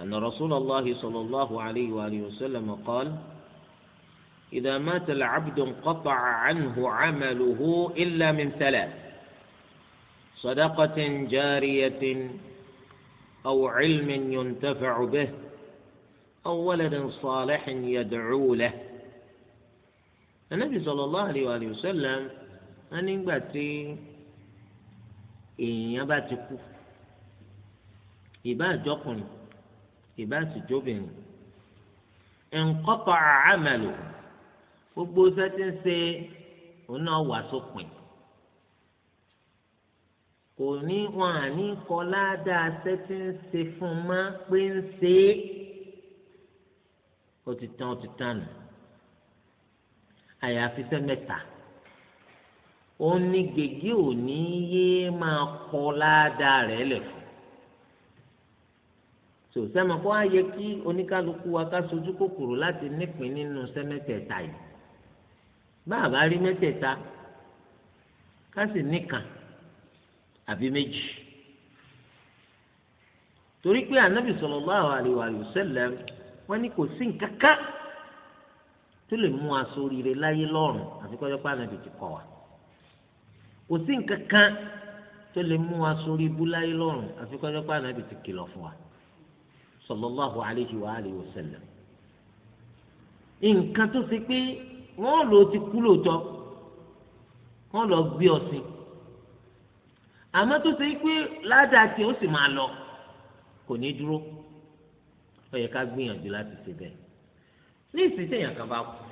أن رسول الله صلى الله عليه وآله وسلم قال إذا مات العبد انقطع عنه عمله إلا من ثلاث صدقة جارية أو علم ينتفع به أو ولد صالح يدعو له النبي صلى الله عليه وآله وسلم أن يباتي إن يباتي كفر ìbáṣe jóbìnrin nǹkọ́tọ̀ àmàlò gbogbo sẹ́tí ń ṣe òun náà wà sópin kò ní wọn à ní kọ ládàá sẹ́tí ń ṣe fún un má pé ń ṣe é ó ti tán ó ti tán nù àyàfi sẹ́ ó ní gègé òní yéé máa kọ ládàá rẹ̀ lẹ̀ so sẹ́mi kó wá yẹ kí oníkálukú wa ká sojú kòkòrò láti nípìn nínú sẹ́mẹ́tẹ̀ẹ̀ta yìí báàbá rí mẹ́tẹ̀ẹ̀ta ká sì níkan àbí méjì torí pé anabi sallallahu alaihi wa sallam wọn ní kò sí nǹkan kan tó lè mú aṣọ rire láyé lọ́rùn àti kọjọ pé anabi ti kọ́ wa kò sí nǹkan kan tó lè mú aṣọ rire bú láyé lọ́rùn àti kọjọ pé anabi ti kìlọ̀ fún wa sallallahu alayhi wa alihi wa sallam nǹkan tó ṣe pé wọ́n lò ó ti kú lóòótọ́ wọ́n lọ gbé ọsìn àmọ́ tó ṣe pé ládàá tí ó sì máa lọ kò ní dúró ó yẹ ká gbìyànjú láti ṣe bẹ́ẹ̀ ní ìsìtẹ̀yàn kan bá kú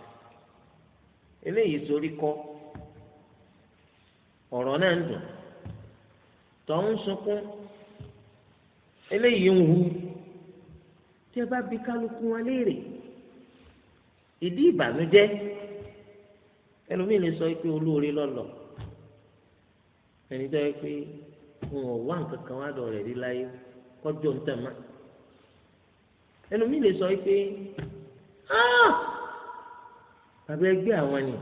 eléyìí sorí kọ́ ọ̀rọ̀ náà ń dùn tọ́ ń sunkún eléyìí ń hu tí ẹ bá bi kálukú wọn léèrè ìdí ìbànújẹ́ ẹlòmíì lè sọ pé olóore lọlọ ẹni tó yẹ pé wọn ò wá nǹkan kan wá dọ̀ rẹ̀ rí láyé kọjọ ń tẹ̀ mọ́ ẹlòmíì lè sọ pé tàbí ẹgbẹ́ àwọn ni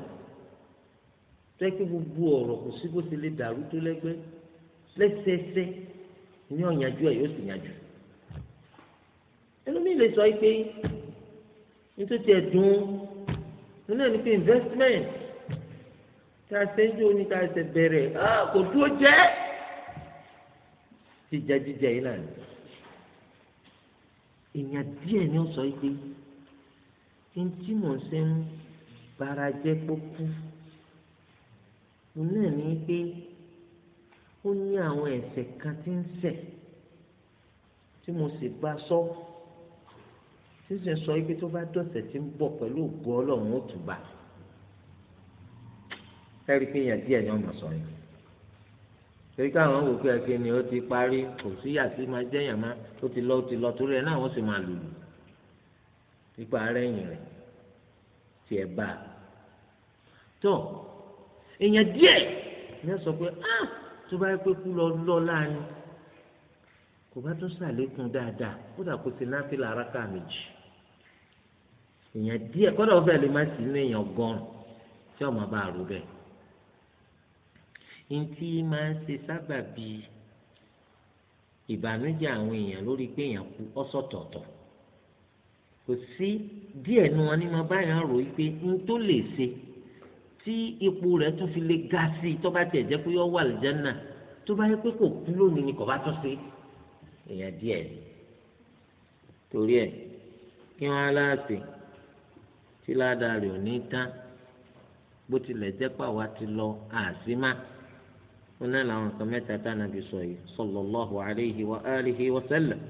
tó yẹ pé gbogbo ọ̀rọ̀ kò sí bó ti lè dàrú tó lẹ́gbẹ́ lẹ́sẹẹsẹ ní ọ̀yànjú ẹ̀ yóò sì yànjú ẹlòmíì lè sọ pé nítorí tiẹ̀ dùn ún náà ní pé investment tá a ṣe ń jó ní tá a ṣe bẹ̀rẹ̀ kò dúró jẹ́ jíjẹ jíjẹ yìí náà èèyàn díẹ̀ ni ó sọ pé kí n tí mò ń ṣe ń bara jẹ́ pópó mo náà ní pé ó ní àwọn ẹ̀ṣẹ̀ kan tí ń ṣẹ̀ tí mo sì bá sọ́ọ́ sísè sọ ibi tó bá dọ̀sẹ̀ tí ń bọ̀ pẹ̀lú ògbó ọlọ́run ó tùbà ẹ̀rí pé èèyàn díẹ̀ ni wọ́n mọ̀ sọ yìí torí káwọn wò pé ẹgbẹ́ ni ó ti parí kò sí yàtí máa jẹ́yàn má ó ti lọ ó ti lọ torí ẹ̀ náà wọ́n sì máa lùlù ipa rẹ̀yìn rẹ̀ tí ẹ bá tó èèyàn díẹ̀ ni wọ́n sọ pé ah tó bá yẹ pé kú lọ lọ láàrin kò bá tún sàlékún dáadáa kódà kò sí náà fi làárá ká méjì èèyàn díẹ̀ kọ́dọ̀ ọ̀fẹ́ lè má sí ní èèyàn gan-an tí ọmọ bá rú bẹ́ẹ̀. ntí máa ń ṣe sábà bí ìbànújẹ́ àwọn èèyàn lórí pé èèyàn kú ọ̀sọ̀tọ̀ọ̀tọ̀ kò sí díẹ̀ nu wọn ní mo bá yàn rò pé n tó lè ṣe tí ipò rẹ̀ tún fi lè ga sí i tó bá tiẹ̀ jẹ́ pé yọ wà lìjánà tó bá yẹ pé kò kú lónìí ni kò bá tún ṣe èèyàn díẹ̀ torí ẹ̀ kí wọ́n á láàṣẹ tí ládàá rẹ̀ ò ní tán bó tilẹ̀ jẹ́ pàwá ti lọ àzímà ó náà làwọn nǹkan mẹ́ta tá nàbí sọ yìí sallallahu alayhi wa alihi wa sallam.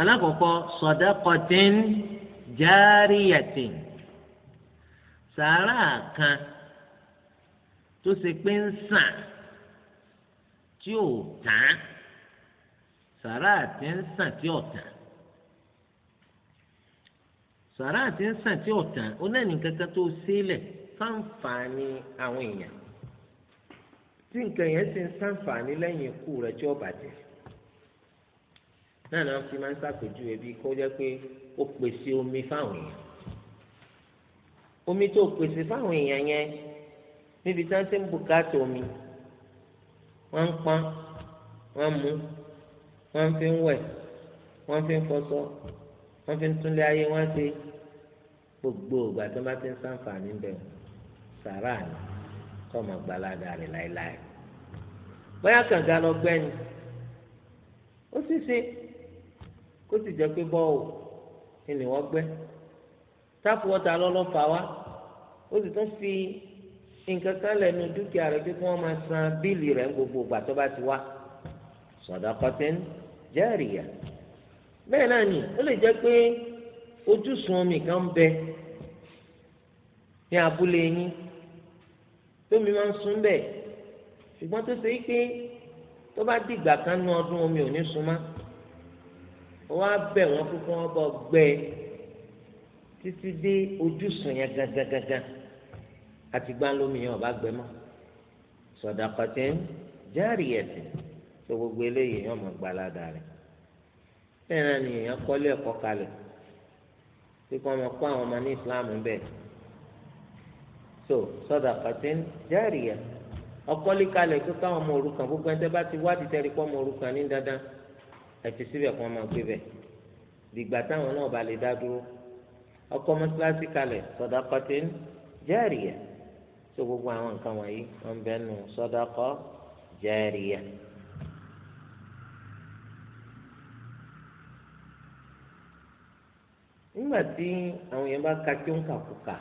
alákọ̀ọ́kọ́ sadaqatin jariyatin sàárà kan tó ṣe pé ń sàn tí ò tán sàárà tí ń sàn tí ò tán sàrà àti ń sàn tí ọ̀tàn ó náà nìkan kan tó sílẹ̀ fáǹfààní àwọn èèyàn tí nǹkan yẹn sì ń sàǹfààní lẹ́yìn ikú rẹ̀ tí ó bàjẹ́ náà náà fi máa ń ṣàpèjúwe bí kó jẹ́ pé ó pèsè omi fáwọn èèyàn omi tó pèsè fáwọn èèyàn yẹn níbi tí wọ́n ti ń bùkátà omi wọ́n ń pọn wọ́n mú wọ́n fi ń wẹ̀ wọ́n fi ń fọṣọ wọ́n fi ń túnlé ayé wọ́n ṣe. gbogbo ìgbà tó bá ti ń sàǹfààní ń sàrà ni kọ́ ọmọ gbalada rẹ̀ láéláé bóyá kànga lọ gbẹ́ni ó sì ṣe kó sì jẹ́ pé bọ́ọ̀ ni wọ́n gbẹ́ wọ́ta wá ó sì tún fi nǹkan kan lẹ́nu dúkìá san bíìlì rẹ gbogbo ìgbà tó bá ti wá sọ̀dọ̀kọ́tẹ́ni jẹ́rìíyà bẹ́ẹ̀ náà ni ó lè jẹ́ ojúsùn omi kan bẹ ní abúlé yín tómi máa ń sun bẹ́ẹ̀ ṣùgbọ́n tó ṣe pé tó bá dìgbà kan nú ọdún omi ò ní sun mọ́ wọ́n á bẹ̀ wọ́n kó kí wọ́n bọ́ gbẹ títí dé ojúsùn yẹn gangan àti gbàlómi yẹn ọba gbẹ mọ́ sọ̀dàkọ̀tẹ́ jáàrì ẹ̀sìn tó gbogbo eléyìí yẹn ọmọ gbalada rẹ̀ bẹ́ẹ̀ náà ni èèyàn kọ́lé ẹ̀kọ́ tí kò máa kó àwọn ọmọ ní ìsìláàmù bẹ́ẹ̀ so sọdà pàtẹ́ni jẹ́rìíyà ọkọ́líkalẹ̀ tó káwọn ọmọ òrukàn gbogbo ẹni tẹ́ bá ti wádìí tẹ́rí pọ́ ọmọ òrukàn ní dandan ẹ̀fì síbẹ̀ kan máa gbé bẹ̀ dìgbà táwọn náà bá lè dá dúró ọkọ́ mọ́síláṣí kalẹ̀ sọdà pàtẹ́ni jẹ́rìíyà so gbogbo àwọn nǹkan wọ̀nyí wọ́n bẹ́ẹ̀ nù sọdà kọ́ jẹ́rìíyà. nígbà tí àwọn yẹn bá ka tí ó ń kàkúkà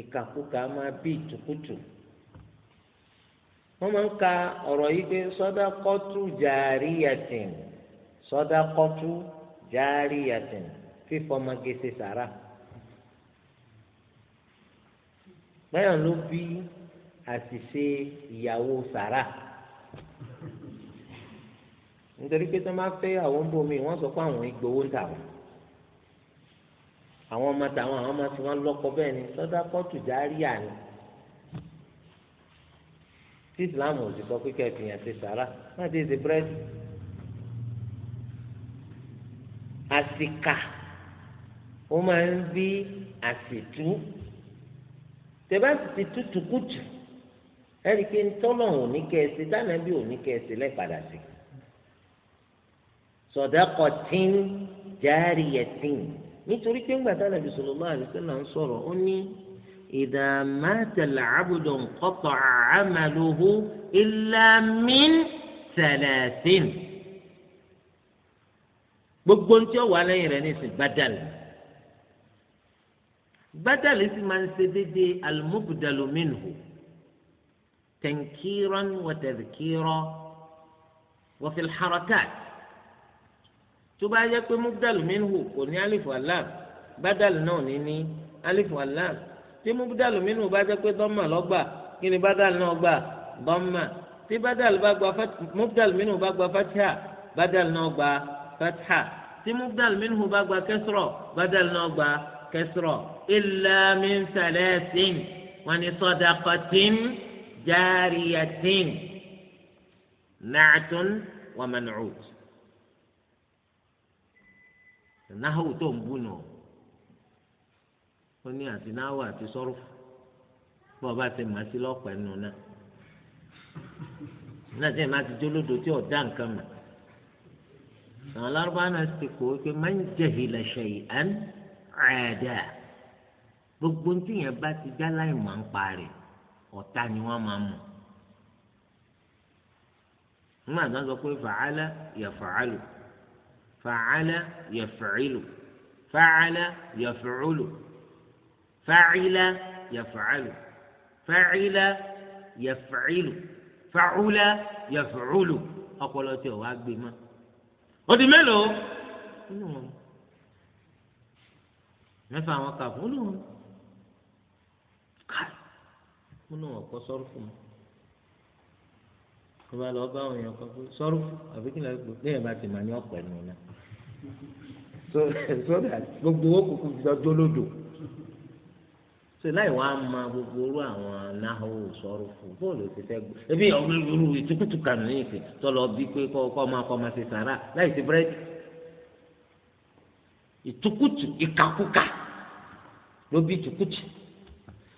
ìkàkúkà máa bí ìtùkùtù wọ́n máa ń ka ọ̀rọ̀ yìí pé sọ́dá kọ́tù jàríyàtìn sọ́dá kọ́tù jàríyàtìn fífọmọgẹsẹ sàrà báyọ̀ ló bí àṣìṣe ìyàwó sàrà nítorí pé tí wọ́n bá fẹ́ àwọn bòmí wọ́n sọ pé àwọn ìgbowó ń tà wọ́n àwọn ọmọ tàwọn àwọn ọmọ tí wọ́n lọ́kọ bẹ́ẹ̀ ni sọ́dá kọ́tù járíà ni tí islam ò sì sọ pé kẹfìyàn ti sàrà má ti ṣe búrẹ́dì àsìkà ó máa ń bí àsìtú tẹ̀bá ti tútù kùtù ẹnì kí n tọ́lọ̀ ò ní kẹ́ẹ̀sì dáná bí ò ní kẹ́ẹ̀sì lẹ́ẹ̀padà sí sọ̀dá kọ̀tín járíyẹ̀tín. So nítorí pé ńgbà tá nàbì sallallahu alaihi wasallam ń sọ̀rọ̀ ó ní idha mata al-'abdu inqata'a 'amaluhu illa min thalathin gbogbo ntí ọwọ alẹyìn rẹ nísìn badal badal sì máa ń ṣe déédéé al-mubdalu minhu tankiran tó bá yẹ pé mubdal minhu kò ní alifu alam badal náà ní ní alifu alam tí mubdal minhu bá jẹ́ pé dọ́mà lọ́gbà kí ni badal náà gbà dọ́mà tí badal bá gba mubdal minhu bá gba fatha badal náà gba fatha tí mubdal minhu bá gba kẹsrọ badal náà gba kẹsrọ illa min wọn ni sadaqatin jariyatin na'atun wa náhù tó ń bú nù ó ní àti náhù àti sọ́rùfù bí wọ́n bá ti mà sí lọ́pẹ́ nù náà náà tí ẹ̀ máa ti jólódo tí ọ̀dá nǹkan mọ̀ àwọn alárúbáwá náà ti kó pé máa ń jahila shay'an 'ada gbogbo ní tìyẹn bá ti já láì mọ̀ ń parí ọ̀tá ni wọ́n máa mọ̀ nígbà tí wọ́n sọ pé fàálà yẹ fàálù fàcálà yẹfàcílù fàcálà yẹfàcúlù fàcílà yẹfàcálù fàcílà yẹfàcílù fàcúlà yẹfàcúlù ọpọlọ tí o wá gbé mọ. ó di mélòó mẹ́fà àwọn kà fún lóun káì fún lóun ọ̀pọ̀ sọ́rọ́ fún mi tó bá lọ bá àwọn èèyàn kan pé sọ́rọ́ àbí kí lóò gbé bẹ́ẹ̀ bá ti mà ní ọ̀pọ̀ ẹ̀nu náà [laughs] so that gbogbo owó kúkú fi so láì wá ma gbogbo orú àwọn náhó sọ̀rọ̀ fún bóòlù ti fẹ́ gbọ́ ebi ọgbẹrù ìtukùtù kànú ní bi tọlọ bí pé kọ kọ máa kọ máa ṣe sàrà láì sí búrẹ́dì ìtukùtù ìkàkùkà ló bí ìtukùtù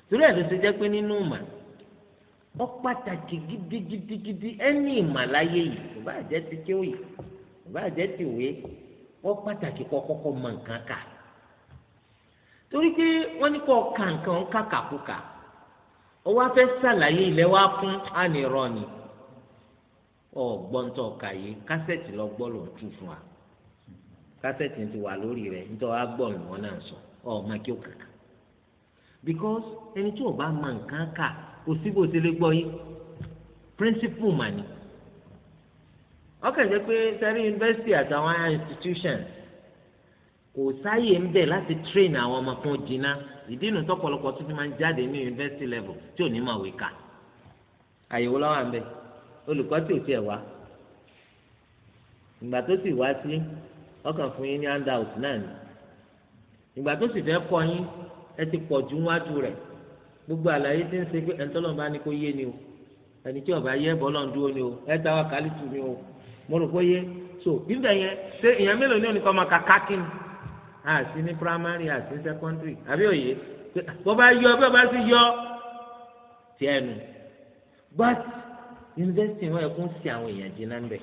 torí ẹ̀ ló ti jẹ́ pé nínú ìmà ó pàtàkì gidigidigidi ẹni ìmà láyé yìí kò bá ti kéwì wọ́n pàtàkì kọ́kọ́kọ́ kọ́kọ́ mọ nǹkan kà torí pé wọ́n ní kọ́ ka nǹkan kàkàkùkà ọwọ́ afẹ́ sàlàyé ilẹ̀ wá fún àníràn ni ọ̀gbọ́ntọ̀ kàyé kásẹ̀tì lọ gbọ́ ló tù fún wa kásẹ̀tì ti wà lórí rẹ̀ nítorí wàá gbọ́ ọ̀nà wọn náà sọ ọ̀ọ́mọ kí ó kàkà because ẹni tí ò bá mọ nǹkan kà kò sí gbọ́ yín principle mà ní ó kàn jẹ́ pé sẹ́rí yunifásitì àtàwọn institutions kò sáyè ń bẹ̀ láti train àwọn ọmọ kan jìnnà ìdí inú tọ́pọ̀lọpọ̀ tó fi máa ń jáde ní yunifásitì level tí ò ní máa wé ká àyẹ̀wò lọ́wọ́ àmbẹ̀ olùkọ́ tí ò tiẹ̀ wá ìgbà tó sì wá sí ọkàn fún yín ní handout náà ni ìgbà tó sì fẹ́ kọ́ yín ẹ ti pọ̀ jù wájú rẹ̀ gbogbo àlàyé tí ń ṣe pé ẹ̀ńtọ́lọ́mọba ni kò yé ni o ẹni tí ọba yẹ bọ́lọ́ ń o ẹ ta o mo rò pé yé so bíbẹ̀ yẹn ṣé èèyàn mélòó ní oníkan máa kàkà kí ni àti ní primary àti ní secondary àbí òye bó bá yọ bó bá sì yọ tiẹ̀ nù but university wọn yẹ kó ń sin àwọn èèyàn jìnnà ńbẹ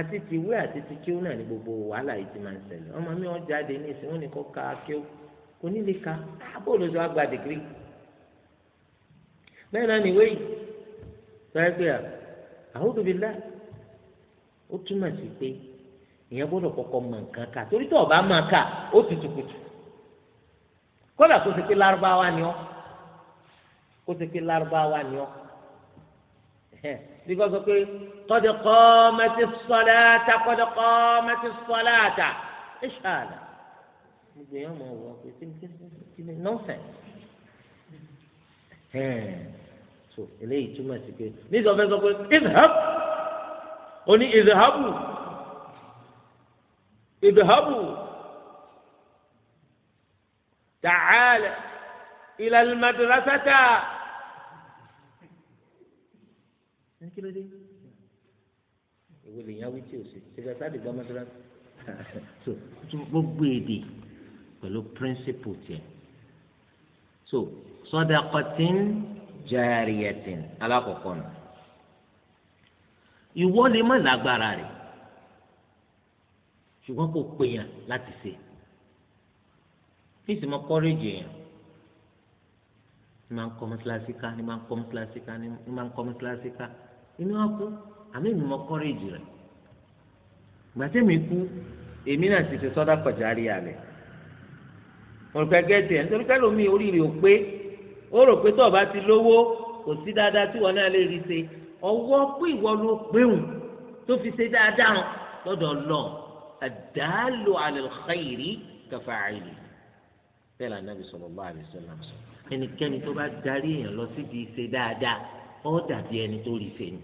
àti tìwé àti ti kíw náà ní gbogbo wàhálà yìí ti máa ń ṣẹlẹ̀ ọmọ mi wọn jáde ní ìsìn wọn ni kò ka kíw kò ní lè ka àbó ah, ló sọ àgbà dìgírì bẹ́ẹ̀ náà nìwé yìí sọ ẹgbẹ́ àwọn òbí láì ó túmọ̀ sí pé ìyẹn gbọ́dọ̀ kọ́kọ́ mọ nǹkan kà torí tó ọba máa kà ó ti tùkùtù kódà kó ṣe pé lárúbáwá ni ọ kó ṣe pé lárúbáwá ni ọ bí kò sọ pé kọ́dọ̀ kọ́ mẹ́tì sọ́láàtà kọ́dọ̀ kọ́ mẹ́tì sọ́láàtà ẹ ṣáàlà gbogbo yẹn mọ̀ wọ́n pé tí tí tí nọ́ọ̀sẹ̀ so eléyìí túmọ̀ sí pé nígbà fẹ́ sọ pé if help ó ní ìdìhábù ìdìhábù tàcálẹ̀ ìlàlùmọ̀dúrásátà. ìwé lèyàn wí tí o ṣe ṣe gbàtà dìgbà mọ́tòrásá. gbogbo èdè pẹ̀lú píríncípù tiẹ̀ so sọdọ̀kọ̀tìn jàrìyẹ̀tìn alákọ̀ọ́kọ́ náà ìwọ lè má lágbára rẹ̀ ṣùgbọ́n kò pè yàn láti ṣe fíìsì mọ́ kọ́rẹ́jì yàn ní máa ń kọ́ mọ́síláṣí ká ní máa ń kọ́ mọ́síláṣí ká ní máa ń kọ́ mọ́síláṣí ká inú wa kú àmì mi mọ́ kọ́rẹ́jì rẹ̀ gbàtẹ́ mi kú èmi náà ti ṣe sọ́dá pàjárí àlẹ́ mo rò pé gẹ́tì ẹ̀ nítorí pẹ́lú mi oríire ò pé ó rò pé tó o bá ti lówó kò sí dáadáa tí wọn náà lè rí ṣe ọwọ́ pé ìwọ ló péwùn tó fi ṣe dáadáa hàn lọ́dọ̀ lọ àdáàlò àlùkàyèrè kẹfà àìlè bẹ́ẹ̀ la nàbì sallallahu alaihi wasallam ẹnikẹ́ni tó bá darí èèyàn lọ síbi ṣe dáadáa ó dàbí ẹni tó rí fèèyàn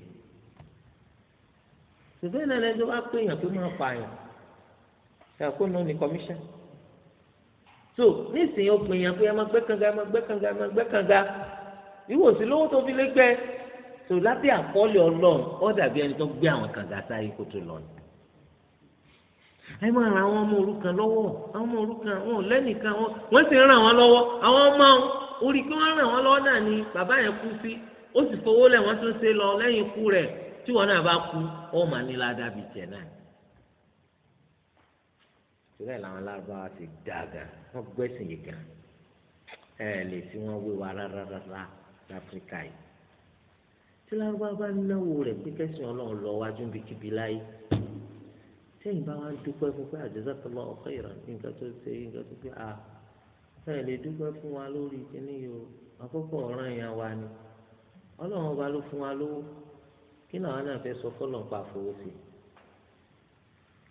ṣùgbọ́n ìlànà ẹni tó bá pé èèyàn pé máa pààyàn ẹ̀kọ́ náà ní commission so nísìnyí ó pè èèyàn pé ẹ máa gbẹ́ kànga ẹ máa gbẹ́ kànga ẹ máa gbẹ́ ìwòsí lówó tó fi lé gbẹ́ so lábẹ́ àkọọ́lẹ̀ ọlọ́run ó dàbí ẹni tó gbé àwọn kàǹgà sáyé kó tó lọ ẹ ọmọ òrukàn lọ́wọ́ àwọn ọmọ òrukàn wọn ò lẹ́nìkan wọn wọ́n sì ń ràn wọ́n lọ́wọ́ ọmọ orí kí wọ́n ràn wọ́n lọ́wọ́ náà ni bàbá yẹn kú lọ lẹ́yìn ikú rẹ̀ tí wọ́n náà bá kú ó mà ní náà. ìṣúlẹ̀ làwọn ti dàgà wọ́n gbẹ́sìn yìí gan ẹ̀ lè wọ́n tí lárúbá bá náwó rẹ̀ pé kẹ́sìn ọlọ́run lọ wájú bí kíbi láyé sẹ́yìn bá wá dúpẹ́ fún pé àjẹsàkọlọ́ ọ̀kọ́ ìràn nǹkan tó ṣe nǹkan tó ṣe à ẹ lè dúpẹ́ fún wa lórí kíní yìí o àkọ́kọ́ ọ̀ràn yẹn wa ni ọlọ́run ọba ló fún wa lówó kí làwọn náà fẹ́ sọ fọ́lọ̀ ń pa àfọwọ́ sí i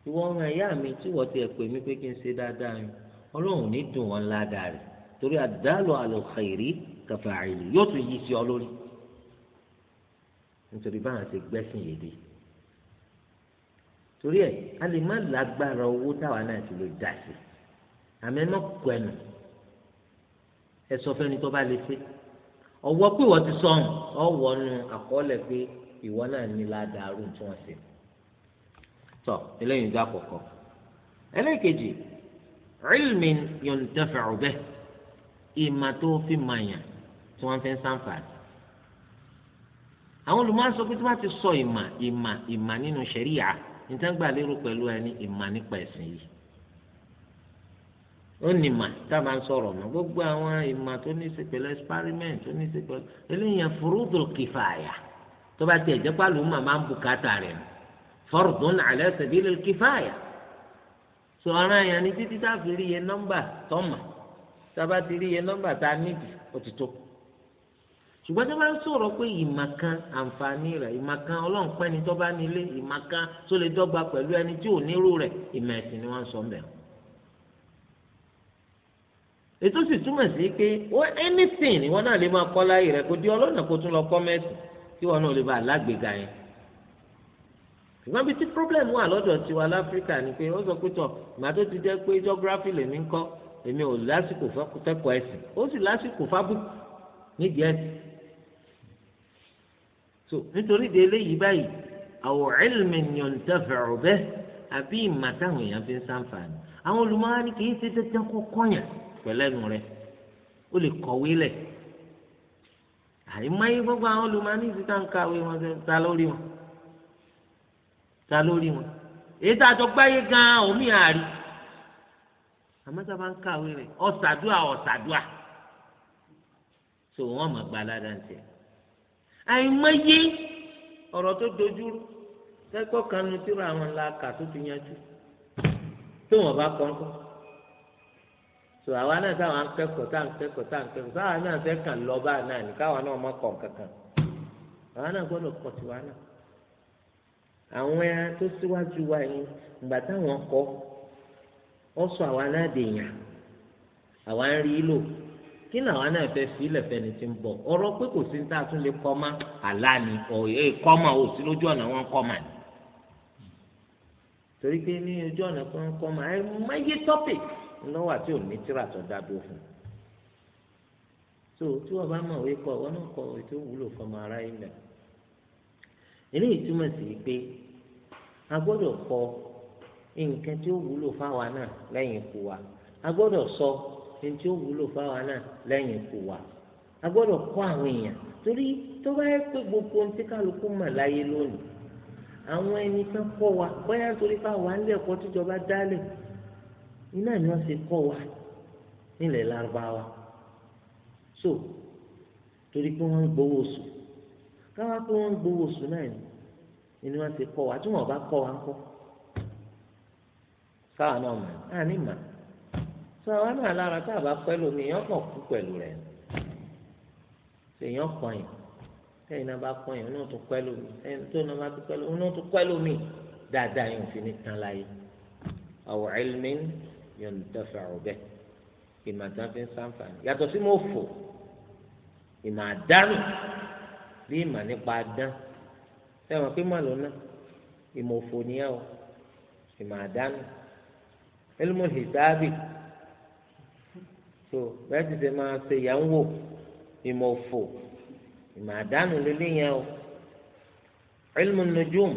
ìwọ ọmọ ẹ̀yà mi tí wọ́n ti pè mí pé kí n ṣe dáadáa yẹn ọlọ́run ní dùn wọn ládàá rẹ̀ torí àdálò àlọ́ khairi kàfàìlì yóò tún yí sí ọ lórí nítorí báwọn ṣe gbẹ́sìn yìí dé torí ẹ a lè má lágbára owó táwa náà ti lè dà sí àmì ẹ má kọ ẹnu ẹ sọ fẹ́ni tó bá lè ṣe ọwọ́ pé wọ́n ti sọ̀hún ọwọ́ nu àkọọ́lẹ̀ pé ìwọ náà ní ládàárù tí wọ́n ṣe tọ eléyìí dá kọ̀kọ́ ẹlẹ́ẹ̀kejì ilmin yontafa ọ̀bẹ ìmà tó fi màyàn tí wọ́n fi ń sàǹfààní àwọn olùmọ̀ sọ pé tí wọ́n ti sọ ìmà ìmà ìmà nínú ṣẹ̀ríyà nítàgbà lérò pẹ̀lú ẹni ìmà nípa ẹ̀sìn yìí ó ní ìmà tá a máa ń sọ̀rọ̀ mọ́ gbogbo àwọn ìmà tó ní í ṣe pẹ̀lú experiment tó ní í ṣe pẹ̀lú eléyìí furudul kìfàyà tó bá tiẹ̀ jẹ́ pàlú mà máa ń bùkátà rẹ̀ nù fardun ala sabilil kìfàyà sọ̀rọ̀ àyàn ni títí tá a fi rí iye nọ́mbà tọ́mà tá a bá ti rí iye nọ́mbà tá a níbi ó ti tó kù ṣùgbọ́n tó bá sọ̀rọ̀ pé ìmàkan àǹfààní rẹ̀ ìmàkan ọlọ́run pẹ́ ni tó bá nílé ìmàkan tó lè dọ́gba pẹ̀lú ẹni tí ò nírú rẹ̀ ìmọ̀ ẹ̀sìn ni wọ́n sọ mẹ́. ètò sì túmọ̀ sí pé anything ni wọ́n náà lè máa kọ́ láyé rẹ̀ kó di ọlọ́nà kó tún lọ kọ́ mẹ́sìn kí wọ́n náà lè bá alágbèéga yẹn. ṣùgbọ́n bí tí problem wà lọ́dọ̀ tiwa láfíríkà ni pé ó sọ pé tọ̀ ìgbà ti jẹ́ pé geography lèmi ń kọ́ èmi ò lásìkò fẹ́kọ̀ọ́ ẹ̀sìn ó sì lásìkò fábùkù nídìí ẹ̀sìn so nítorí de eléyìí báyìí àwọ̀ ilmin yuntafa'u bih àbí ìmọ̀ táwọn èèyàn fi ń sàǹfààní àwọn olùmọ̀ọ́ ni kì í ṣe dandan kó kọ́yàn pẹ̀lẹ́nu rẹ ó lè kọ̀wé lẹ̀ àìmọye gbogbo àwọn olùmọ̀ọ́ ní ìsìta ń kàwé wọn ta lórí wọn ta lórí wọn èyí tá a jọ gbáyé gan-an omi àárí àmọ́ tá a bá ń kàwé rẹ̀ ọ̀sàdúà ọ̀sàdúà so wọ́n mọ̀ gbalada ń tẹ̀ àìmọye ọ̀rọ̀ tó dojúrú kẹ́kọ̀ọ́ kan nu tíra àwọn ńlá kà tó ti yanjú tó wọn bá kọ́ ńkọ́ so àwa náà táwọn akẹ́kọ̀ọ́ táwọn akẹ́kọ̀ọ́ táwọn akẹ́kọ̀ọ́ táwọn náà fẹ́ kàn lọ bá náà ní káwọn náà má kọ̀ kankan àwa náà gbọ́dọ̀ tiwa náà kí ni àwọn náà fẹ́ fi tí ń bọ̀ ọ̀rọ̀ pé kò sí ta tún lè kọ́má àlàní ọ̀yẹ́ kọ́má ò sí lójú ọ̀nà wọn ni. torí pé ní ojú ọ̀nà tó ń kọ́má ẹ máyé tọ́pì lọ́wọ́ àti òní tíra so tí wọ́n bá mọ̀ wí kọ́ wọn náà kọ ètò ìwúlò ara ilẹ̀. sí pé a gbọ́dọ̀ kọ nǹkan tí ó wúlò fáwa náà lẹ́yìn ẹni tí ó wúlò fáwa náà lẹ́yìn ikú wa a gbọ́dọ̀ kọ́ àwọn èèyàn torí tó bá yẹ pé gbogbo ohun tí kálukú mọ̀ láyé lónìí àwọn ẹni tán kọ́ wa bóyá nítorí fáwa ń lẹ́kọ̀ọ́ tíjọba dálẹ̀ iná ni wọ́n ṣe kọ́ wa nílẹ̀ lárúbáwá so torí pé wọ́n ń gbowó oṣù káwá pé wọ́n ń gbowó oṣù náà ni ni wọ́n ṣe kọ́ wa tí wọ́n bá kọ́ wa ń kọ́ káwa náà mọ̀ á ní màá sọ àwa náà lára tá a bá pẹ́ lómi èèyàn kàn kú pẹ̀lú rẹ̀ èèyàn kàn yìí tẹ́yìn náà bá kàn yìí onáà tó pẹ́ lómi ẹ̀yìn tó náà bá tó pẹ́ lómi onáà tó pẹ́ lómi dáadáa yóò fi ní tán láyé àwọn ẹlẹ́mí yóò ní tẹ́fẹ̀ ọ̀bẹ ìmọ̀ tí wọ́n ń sáǹfààní yàtọ̀ sí mo fò ìmọ̀ àdánù bí ìmọ̀ nípa adán sẹ́wọ̀n pé mọ̀ lọ́nà ìmọ̀ òfò nìyẹn o ìmọ̀ àdánù ẹlẹ́mọ̀ hìsáàbì so bẹ́ẹ̀ ti ṣe máa ṣe yà ń wò ìmọ̀ òfò ìmọ̀ àdánù lílé yẹn o ilmu nujum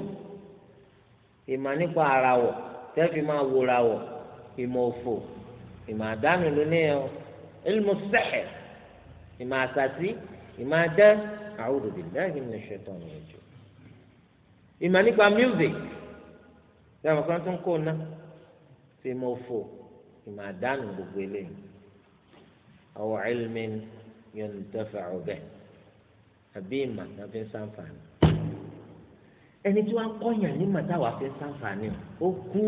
ìmọ̀ nípa ara wọ̀ tẹ́fì máa wòra wọ̀ ìmọ̀ òfò ìmọ̀ àdánù lílé yẹn o ilmu sẹ́hẹ̀ ìmọ̀ àsàtì ìmọ̀ adẹ́ a'udhu billahi minash shaitani rajim ìmọ̀ nípa music ìyàwó kan tó ń kó ná ìmọ̀ ìmọ̀ àdánù gbogbo eléyìí. أو علم ينتفع به àbí ìmọ̀ tá a fi ń ṣàǹfààní ẹni tí wọ́n kọ́yàn nímọ̀ táwa fi ń ṣàǹfààní ó kú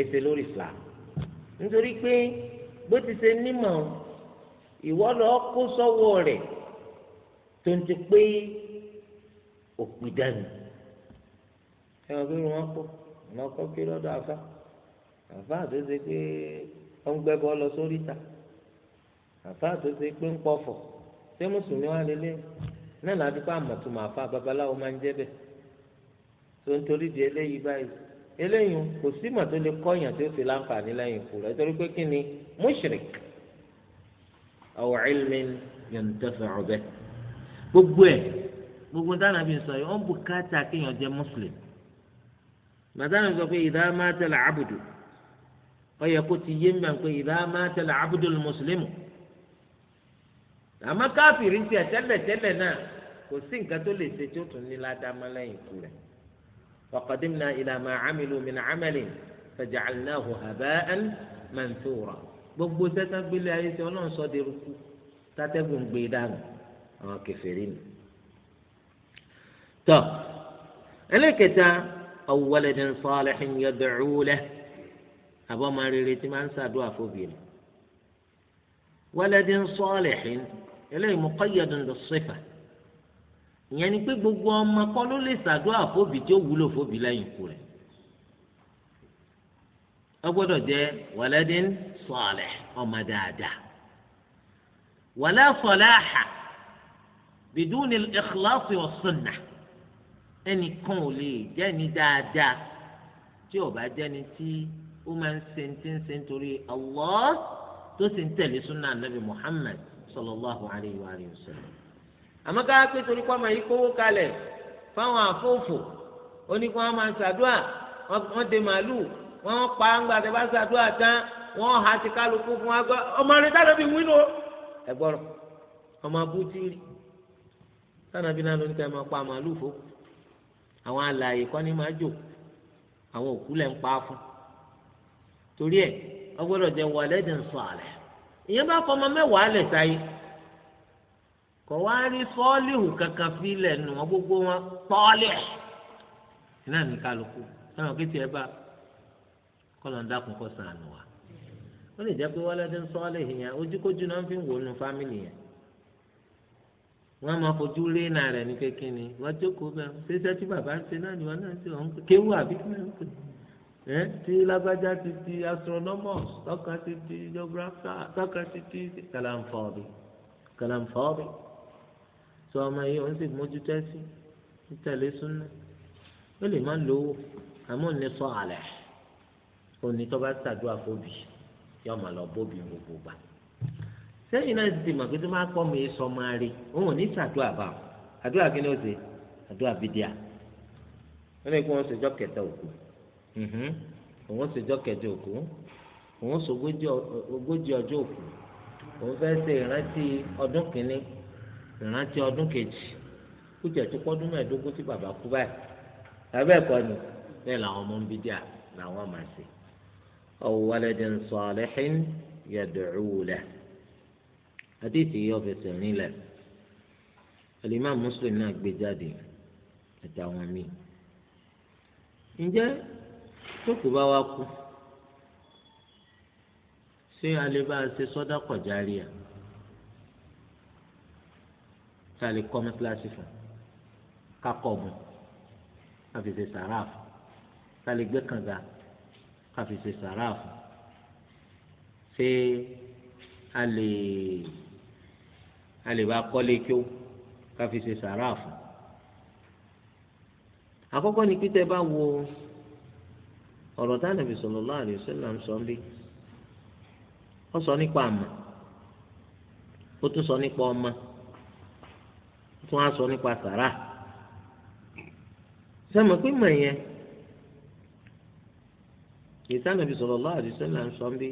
ètè lórí Islam nítorí pé bó ti ṣe nímọ̀ ìwọ lọ kó sọ́wọ́ rẹ̀ tó ń ti pé òpin dànù ẹ wọ́n bí wọ́n kó wọ́n kọ́ kí lọ́dọ̀ àfa àfa àti ṣe pé wọ́n ń gbẹ́ bọ́ lọ sórí ta. So àfa tó ṣe pé ń pọ̀fọ̀ ṣé mùsùlùmí wà lélẹ̀ náà láti pa àmọ̀túmọ̀ àfa babaláwo máa ń jẹ́ bẹ̀ tó ń torí di eléyìí báyìí eléyìí kò sí mọ̀ tó lè kọ́yàn tó ṣe láǹfààní lẹ́yìn ikú rẹ̀ torí pé kí ni mushrik aw ilmin yuntafa'u bih gbogbo ẹ̀ gbogbo dáná bí n sọ yìí ó ń bu káàtà kéèyàn jẹ́ muslim màdánù sọ pé idha mata al-abdu ó yẹ kó ti yé mbà pé idha mata al-abdu al-muslimu àmọ́ káfíìrì tiẹ̀ tẹ́lẹ̀tẹ́lẹ̀ náà kò sí nǹkan tó lè ṣe tí ó tún ní ládàámá lẹ́yìn ikú rẹ̀ wàkàdìmínà ìlànà àmìlú min amalin faja'alnahu haba'an manthura gbogbo sẹ́sán gbélé ayé tí ọlọ́run sọ de rúkú tátẹ́gùn gbé e dànù àwọn kẹfẹ́rì ni. tọ́ ẹlẹ́kẹta awwaladin salihin yad'u lahu rere tí máa ń ṣàdúrà fóbìnrin waladin salihin eléyìí muqayyadun bis-sifa ìyẹn ni pé gbogbo ọmọ kọ́ ló lè ṣàdúrà fóbi tí ó wúlò fóbi lẹ́yìn ikú rẹ̀ ó gbọ́dọ̀ jẹ́ waladin salih ọmọ dáadáa wala salaha biduni al-ikhlasi was-sunnah ẹnìkan ò lè jẹ́ni dáadáa tí ò bá tí ó máa ń ṣe ń ti ń Allah. tó sì ń tẹ̀lé súnà nàbì Muhammad sallallahu alayhi wa sallam. àmọ́ ká pé torí kó máa yí kówó kalẹ̀ fáwọn àfófò ó ní máa màálù pa ńgbà tẹ́ bá ṣàdúà tán ha ti kálukú fún wa gbọ́ ọmọ rẹ̀ tá nàbì wí lò ọmọ abúti pa màálù àwọn alààyè máa jò àwọn òkú ọgbọ́dọ̀ jẹ́ waladin salih ìyẹn bá fọmọ mẹ́wàá lẹ̀ sáyé kọ̀ wá rí sọ́ọ́lìhù kankan fi lẹ̀ nù le gbogbo wọn tọ́ọ̀lì iná ní kálukú táwọn kéèké ẹ bá kọ́lọ̀ ń dákun wa ó lè pé yẹn ojúkójú náà fi wò nu fámìlì yẹn máa fojú iná ni wọ́n jókòó bẹ́ẹ̀ ṣé sẹ́tí bàbá ń ṣe náà ni náà ń ṣe kéwù ẹ tí lágbájá ti di astronomers tọ́ka ti di geographer tọ́ka ti di kàlàǹfọ̀ọ̀bì kàlàǹfọ̀ọ̀bì tó ọmọ yìí ó ń sì mójútó ẹsìn nítẹ̀lé súnmọ́ ó lè má lówó àmọ́ ní sọ àlẹ́ òní tó bá ṣàdúrà fóbi yóò máa lọ bóbi gbogbo gbà sẹ́yìn náà ti mọ̀ pé tó máa pọ̀ mi sọ máa rí òun ò ní ṣàdúrà bá àdúrà kí ni ó ṣe àdúrà bídíà ó lè kó wọn ṣèjọ́ kẹta òkú. Mhm. òun ṣèjọ́ kẹjọ òkú òun ṣògójì ọjọ́ òkú òun fẹ́ ṣe ìrántí ọdún kìíní ìrántí ọdún kejì kó jẹ́ tó tí bàbá kú ọmọ ń bí díà làwọn máa ṣe. tó kù bá wa kú ṣé a lè bá a ṣe sọ́dá kọ̀járí à ká lè kọ́ mẹ́tíláṣí fún kakọ̀ mu ká fi ṣe sàrà ká lè gbé kànga ká fi ṣe sàrà ṣé a lè bá kọ́lé kí ó ká fi ṣe sàrà àkọ́kọ́ ni pété bá wo. ọ̀rọ̀ tá nàbì sallallahu alaihi wasallam ń sọ ń bí ó sọ nípa àmà ó tún sọ nípa ọmọ ó tún á sọ nípa sàrà sẹ́mi pé mọ̀ yẹn ìta nàbì ń sọ ń bí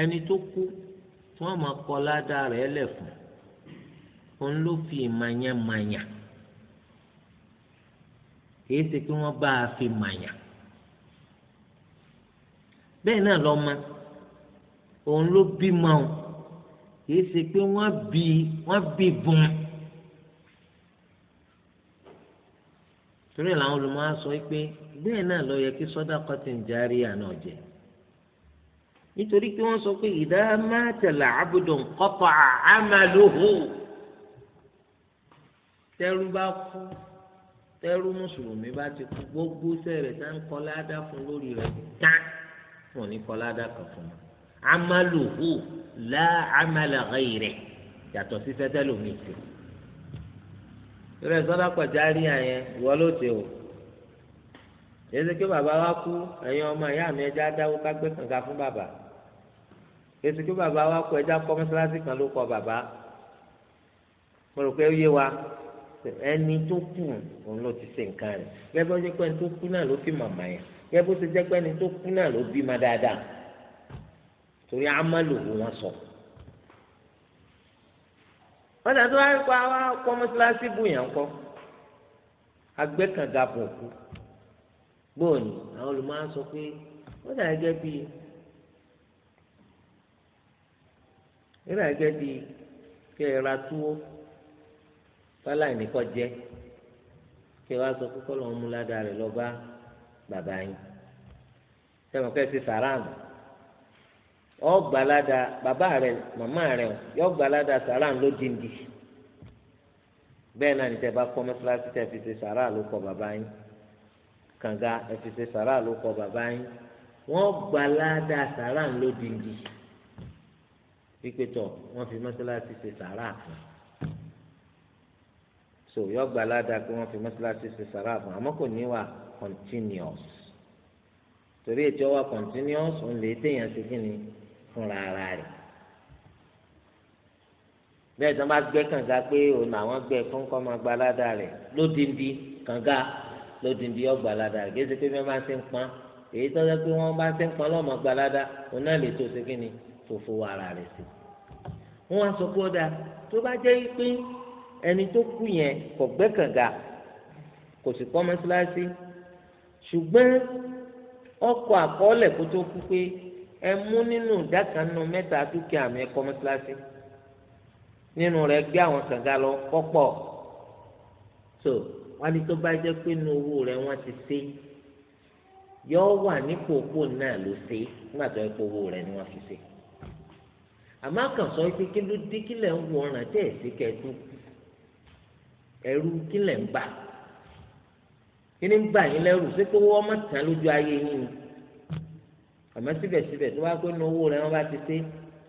ẹni tó kú tí wọ́n máa ládàá rẹ̀ òun ló fi bẹ́ẹ̀ náà lọ́mọ òun ló ma o kìí ṣe pé wọ́n bí wọ́n bí bùn. torí làwọn olùmọ̀ sọ pé bẹ́ẹ̀ náà ló yẹ kí nítorí pé wọ́n sọ pé idha mata al-'abdu inqata'a 'amaluhu tẹ́rú bá kú tẹ́rú mùsùlùmí bá ti kú gbogbo sẹ́rẹ̀ tá ń kọ́ ládàá fún lórí rẹ̀ wọn ò ní kọ́ ládàá kan fún wọn amaluhu la amala ghayri yàtọ̀ sí sẹ́tẹ́lómi tì ìrẹsì ọlọ́kọ̀já rí àyẹn ìwọ ló ti o yẹsẹ kí bàbá wa kú ẹ̀yin ọmọ ìyá mi ẹja dáwó kágbé kànga fún bàbá yẹsẹ kí bàbá wa kú ẹja kọ́ mọ́sálásí kan ló kọ́ bàbá mo rò pé ó yé wa ẹni tó kù òun ló ti ṣe nǹkan rẹ̀ lẹ́gbẹ́ ọjọ́ pé ẹni tó kú náà ló fi màmá yẹn yẹ bó ṣe jẹ́ pé ẹni tó kú náà ló bí ma dáadáa torí amálò wọn sọ wọn dàtọ́ wáyé kó àwa kọ́ mọ́sálásí bùyàn kọ́ agbẹ́kànga bọ̀ kú bóòní àwọn olùmọ̀ á sọ pé wọ́n dà gẹ́gẹ́ bíi nígbà gẹ́gẹ́ bíi kí ẹ ra túwó fáláì nìkan jẹ́ kí ẹ wá sọ pé kọ́ lọ́n mú ládàá rẹ̀ lọ bàbá yín sẹ́wọ̀n kẹ́ ẹ ti sàrànù ọ gbalada bàbá rẹ màmá rẹ yọ gbalada sàrànù ló dìndì bẹ́ẹ̀ náà ní tẹ́ bá kọ́ mọ́sálásí tẹ́ fi ṣe sàrà ló kọ́ bàbá yín kànga ẹ fi ṣe sàrà ló kọ́ bàbá yín wọ́n gbalada sàrà ló dìndì wípé tọ̀ wọ́n fi mọ́sálásí ṣe sàrà fún un so yọ gba ládàá pé fi mọ́sálásí ṣe sàrà fún àmọ́ kò ní wà continuous torí ètò ọwà continuous òun lè téèyàn ṣe kí ni fúnra ara rẹ̀ bẹ́ẹ̀ tí wọ́n bá gbẹ́ kànga pé òun àwọn gbẹ́ fún kọ́ máa gba aládà rẹ̀ lódindi kànga lódindi ọgbà aládà rẹ̀ kí ẹ ṣe pé wọ́n bá ṣe ń pọn èyí tó ṣe pé wọ́n bá ṣe ń pọn lọ́mọ gba aládà òun náà lè tó ṣe kí ni tó fowó ara rẹ̀ sí. wọ́n wá sọ pé ó dáa tó bá jẹ́ pé ẹni tó kú yẹn kò gbẹ́ kànga kò sì kọ́ mọ́ṣáláṣí ṣùgbọ́n ọkọ̀ àkọọ́lẹ̀ kó tó kú pé ẹ mú nínú ìdákanu mẹ́ta dúkìá mi ẹ̀kọ́ mọ́sálásí nínú rẹ̀ gbé àwọn kànga lọ kọ́pọ̀ tó wọ́n ní tó bá jẹ́ pé inú owó rẹ̀ wọ́n ti ṣe yọ wà nípò òpó náà ló ṣe nígbà tó ẹ̀kọ́ owó rẹ̀ ni wọ́n fi ṣe àmọ́ àkànṣọ pé kí ló dé kílẹ̀ ń wọ ọ̀ràn tẹ̀ sí kẹ́ẹ̀dùn ẹ̀rú kílẹ̀ ń bà kíní ń gbà yín lẹ́rù ṣé pé wọ́n mọ̀ tán lójú ayé yín ni àmọ́ síbẹ̀síbẹ̀ tó bá pé nu owó rẹ̀ wọ́n bá ti ṣe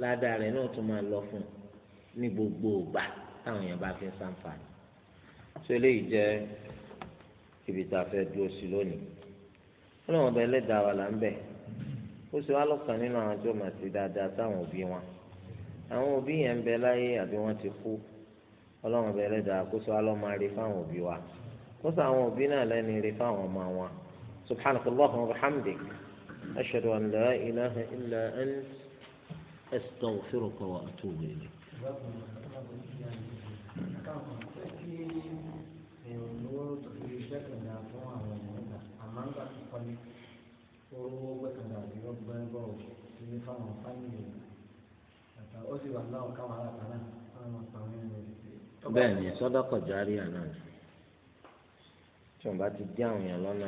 ládàá rẹ̀ náà tún máa lọ fún un ní gbogbo ìgbà táwọn èèyàn bá fi ń ṣàǹfààní tó eléyìí jẹ́ ibi tá a fẹ́ dúró sí lónìí ọlọ́run ọba ẹlẹ́dàá wa là ń bẹ̀ ó sì wá lọ́kàn nínú àwọn tí ó máa ṣe dáadáa sáwọn òbí wọn àwọn òbí yẹn ń bẹ láyé àbí wọ́n ti kú ọlọ́run ọba ẹlẹ́dàá kó sọ wá máa rí fáwọn òbí wa. wọ́n sọ àwọn òbí náà lẹ́ni rí fáwọn ọmọ wọn subhanaka allahumma wa bihamdik ashhadu an la ilaha illa ant astaghfiruka wa atubu ilayk. bẹ́ẹ̀ ni sọ́dọ̀kọ̀ járí àná ni. tí wọn bá ti dí àwọn èèyàn lọ́nà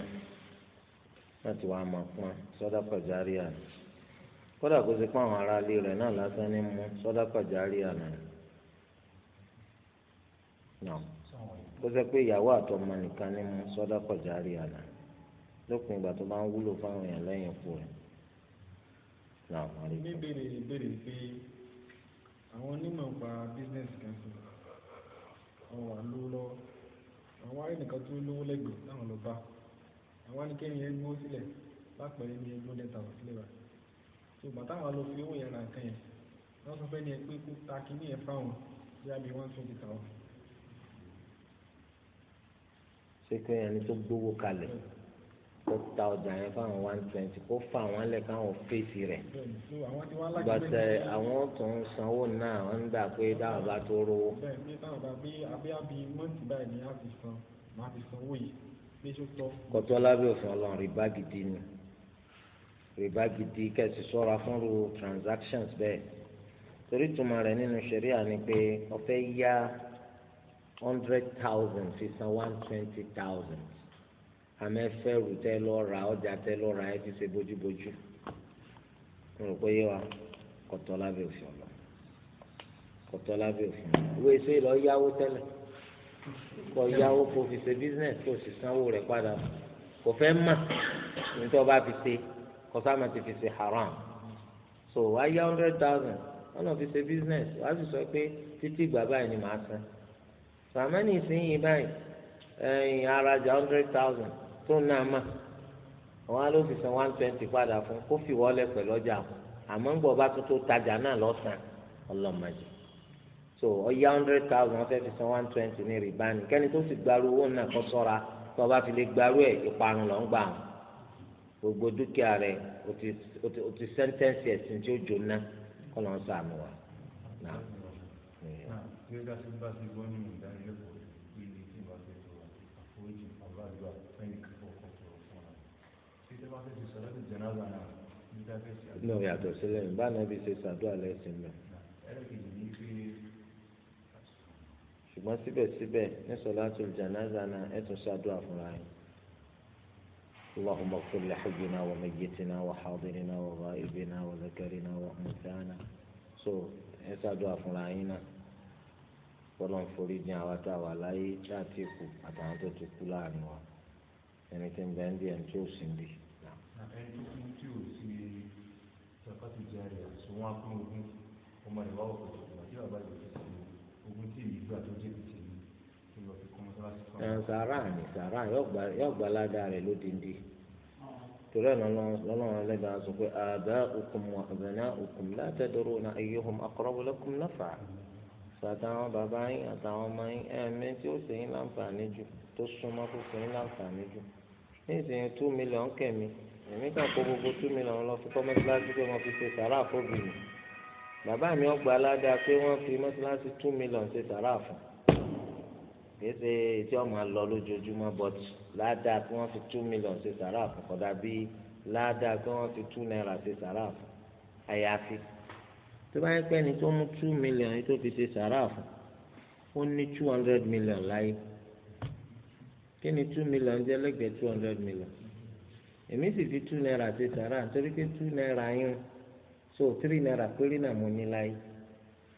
láti wàá máa pọn sọ́dá pàjárí àná kódà kó ṣe pé àwọn ará ilé rẹ̀ náà lásán ní mú sọ́dá pàjárí àná kó ṣe pé ìyàwó àtọmọ nìkan ní mú sọ́dá pàjárí àná lópin ìgbà tó bá ń wúlò fáwọn èèyàn lẹ́yìn ikú rẹ̀. mi béèrè ìbéèrè pé àwọn onímọ̀ pa bísíǹsì kan sí ọ̀wà lówó lọ́wọ́ àwọn ará nìkan tó lówó lẹ́gbẹ̀ẹ́ láwọn lọ bá àwọn anìkẹ́ni yẹn gbó sílẹ̀ lápẹ̀rẹ̀ ní ẹgbẹ́ ọ̀dẹ́ta wà sílẹ̀ wa tó bàtà àwọn lọ fi owó yẹn ra nǹkan yẹn wọ́n sọ fẹ́ ni ẹ pé kó ta kíní yẹn fáwọn bí a bí one twenty thousand. ṣé kẹ́hìn ẹni tó gbówó kalẹ̀ kó ta ọjà yẹn fáwọn one twenty kó fa uh, àwọn lẹ káwọn fèsì rẹ̀ gbàtẹ àwọn tó ń sanwó náà wọn ń dà pé dáhùn bá tó rówó. bẹ́ẹ̀ ní táwọn bá gbé abíyábí mọ́ǹtì báyìí ni a ti san máa ti sanwó yìí ni rìbá gidi kẹsì ṣọ́ra transactions bẹ́ẹ̀ torí tuma rẹ̀ nínú ṣẹ̀ríà ni pé ọfẹ yá hundred thousand fi san one twenty thousand amẹ́fẹ́rù tẹ́ lọ ra ọjà tẹ́ lọ ra ẹ ti ṣe bójúbójú mo rò pé yé wa kọ̀tọ́ lábẹ́ òfin ọ̀la kọ̀tọ́ lábẹ́ òfin ọ̀la owó èso ìlọ yáwó tẹ́lẹ̀ kọ yáwó kó fi ṣe business kó sì sanwó rẹ̀ padà kò fẹ́ mà nítorí ọba fi ṣe kọ́sáàmà ti fi ṣe haram so wá yá hundred thousand wọn náà fi ṣe business wá sì sọ pé títí ìgbà báyìí ni màá san sàmánì ìsinyìí báyìí ẹ̀yìn arajà hundred thousand. tó náà ma àwọn san one twenty padà fún kó fi wọlé pẹ̀lú ọjà àmọ́ ń gbọ́ bá tó tó tajà náà lọ́sàn-án so ọyá hundred thousand wọ́n fẹ́ san one twenty ní ribani kẹ́ni tó sì gbaru owó náà kọ́ sọ́ra tó o bá fi lè gbaru ẹ̀ ìparun gbogbo dúkìá rẹ̀ ti sẹ́ńtẹ́ǹsì ẹ̀sìn tí ó jóná kọ́ náà yàtọ̀ sílẹ̀ nígbà náà bí ṣe ṣàdúrà lẹ́sìn náà. ṣùgbọ́n síbẹ̀síbẹ̀ ní sọ̀látùl jánásà náà ẹ̀ tún ṣàdúrà fúnra yín. اللهم اغفر لحينا وميتنا وحاضرنا وغائبنا وذكرنا وانثانا so ẹ ṣàdúrà fúnra yín náà Ọlọ́run forí jìn àwa tá a wà láyé láti kú àtàwọn tó ti kú láàrin wa ẹni tí ń bẹ ń bí ẹni tí ó sì ń bí. ẹni tó kú tí ò sí sàkátì jẹ rẹ àti wọn pín ogún ọmọ rẹ wá òkú àti bàbá yìí ti sí ogún tí èyí gbà tó jẹ ní fún sàrà ni sàrà yóò gba na rẹ lódindi torí ẹ̀ lọ́lọ́run ẹlẹ́dàá sọ pé aba'ukum wa abna'ukum la tadruna ayyuhum aqrabu lakum naf'a àtàwọn bàbá yín àtàwọn ọmọ yín tí ó sèyìn láǹfààní jù tó súnmọ́ èmi kàn kó gbogbo two million lọ fi kọ́ mọ́tíláṣí pé wọ́n fi ṣe sàrà fóbi mi bàbá mi ọgbà aládà pé wọ́n fi mọ́tíláṣí two million ṣe sàrà fún kì í ṣe tí ọmọ lọ lójoojúmọ́ but ládàá pé wọ́n fi two million ṣe sàrà fún kódà bí ládàá pé wọ́n fi two naira ṣe sàrà fún àyàfi tó bá yẹ pé ẹni tó mú two million yìí tó fi ṣe sàrà fún ó ní two hundred million láyé kí ni two million jẹ́ lẹ́gbẹ̀ẹ́ two hundred million èmi sì fi two naira ṣe sàrà nítorí pé two naira yín so three naira péré náà mo ní láyé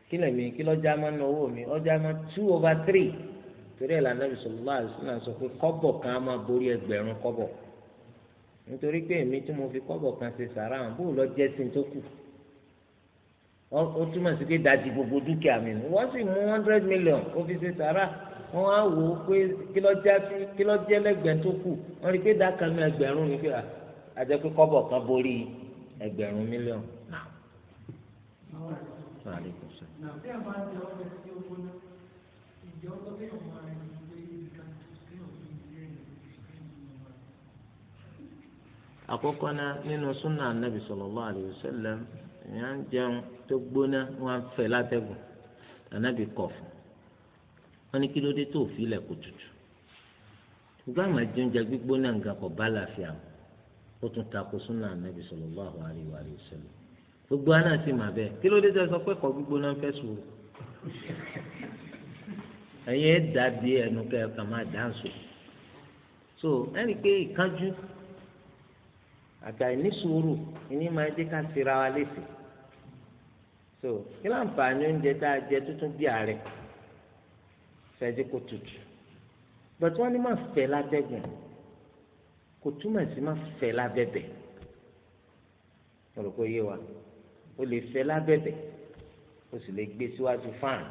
kí lèmi kí lọ́jà máa ń náwó mi ọjà máa two over three torí ẹ̀ lànà bisalòlá àdìsúnà sọ pé kọ́bọ̀ kan á máa borí ẹgbẹ̀rún kọ́bọ̀ nítorí pé èmi tí mo fi kọ́bọ̀ kan ṣe sàrà hàn bóòlọ́ jẹ́ sí tó kù ó túmọ̀ sí pé dajì gbogbo dúkìá mi wọ́n sì mú one hundred million ó fi ṣe sàrà wọn á wò ó pé kí ló já sí kí ló jẹ́ lẹ́gbẹ̀ẹ́ tó kù wọ́n rí pé dáka mi ẹgbẹ̀rún ni pé àjẹ́ pé kọ́bọ̀ kan borí ẹgbẹ̀rún mílíọ̀nù àkọ́kọ́ náà nínú súnà anábì ìyá ń jẹun tó gbóná wọn fẹ́ wọ́n ní kí ló dé tó fi ilẹ̀ kó tutù ṣùgbọ́n àmọ́ ẹjọ́ oúnjẹ gbígbóná nǹkan kọ̀ bá láàfin àmọ́ ó tún takò súnà nàbì sallallahu alaihi wa sallam gbogbo àná sì mà bẹ́ẹ̀ kí ló dé tó sọ pé kọ̀ gbígbóná fẹ́ sùn ẹ̀yin ẹ̀ dàbí ẹnu kẹ́ẹ̀kan máa dáǹsù so ẹni pé ìkánjú àtàì ní sùúrù ìní máa dé ká sira wa léṣe so kí láǹfààní oúnjẹ tá a jẹ tuntun bí ààrẹ fẹ́jẹ́ kó tutù bàtí wọ́n ní má fẹ́ látẹ́gùn kò túmọ̀ sí má fẹ́ lábẹ́bẹ̀ olùkọ́ yé wa o lè fẹ́ lábẹ́bẹ̀ o sì lè gbé síwájú fáàn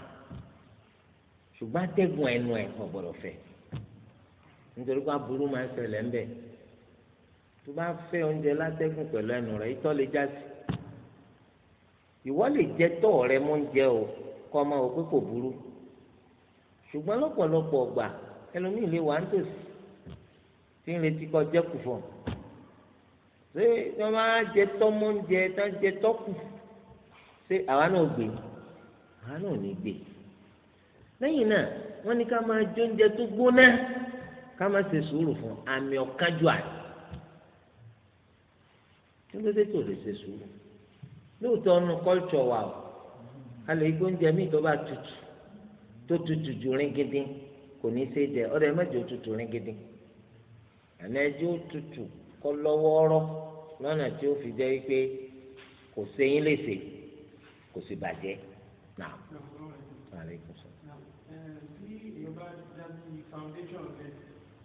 ṣùgbọ́n atẹ́gùn ẹnu ẹ̀ kò gbọ́dọ̀ fẹ́ nítorí pé aburú máa ń ṣẹlẹ̀ ńbẹ̀ tó bá fẹ́ oúnjẹ látẹ́gùn pẹ̀lú ẹnu rẹ̀ itọ́ lè já sí ìwọ lè jẹ tọ́ rẹ mú oúnjẹ o kọ́ ọmọ òpé kò burú ṣùgbọ́n lọ́pọ̀lọpọ̀ ọgbà ẹlòmíì lè wà ń tòsí tí ń retí kọ jẹ kù fún ṣé wọn máa jẹ tọmọúnjẹ tán jẹ tọkù ṣé àwa náà gbé àwa náà ní gbé lẹ́yìn náà wọ́n ní ká máa jẹ oúnjẹ tó gbóná ká máa ṣe sùúrù fún àmì ọ̀kájú àná kí ló dé tó lè ṣe sùúrù lóòótọ́ ọ̀nù kọ́ltsọ̀ wà o a lè gbóúnjẹ míì tó bá tutù tó tutù ju ringidi kò ní ṣe jẹ ọdọ ẹmẹjọ tutù ringidi ẹmẹjọ tutù kọ lọ́wọ́ọ́rọ́ lọ́nà tí ó fi jẹ́ wípé kò séyín léṣe kò sì bàjẹ́ náà. tí èèyàn bá dábí foundation rẹ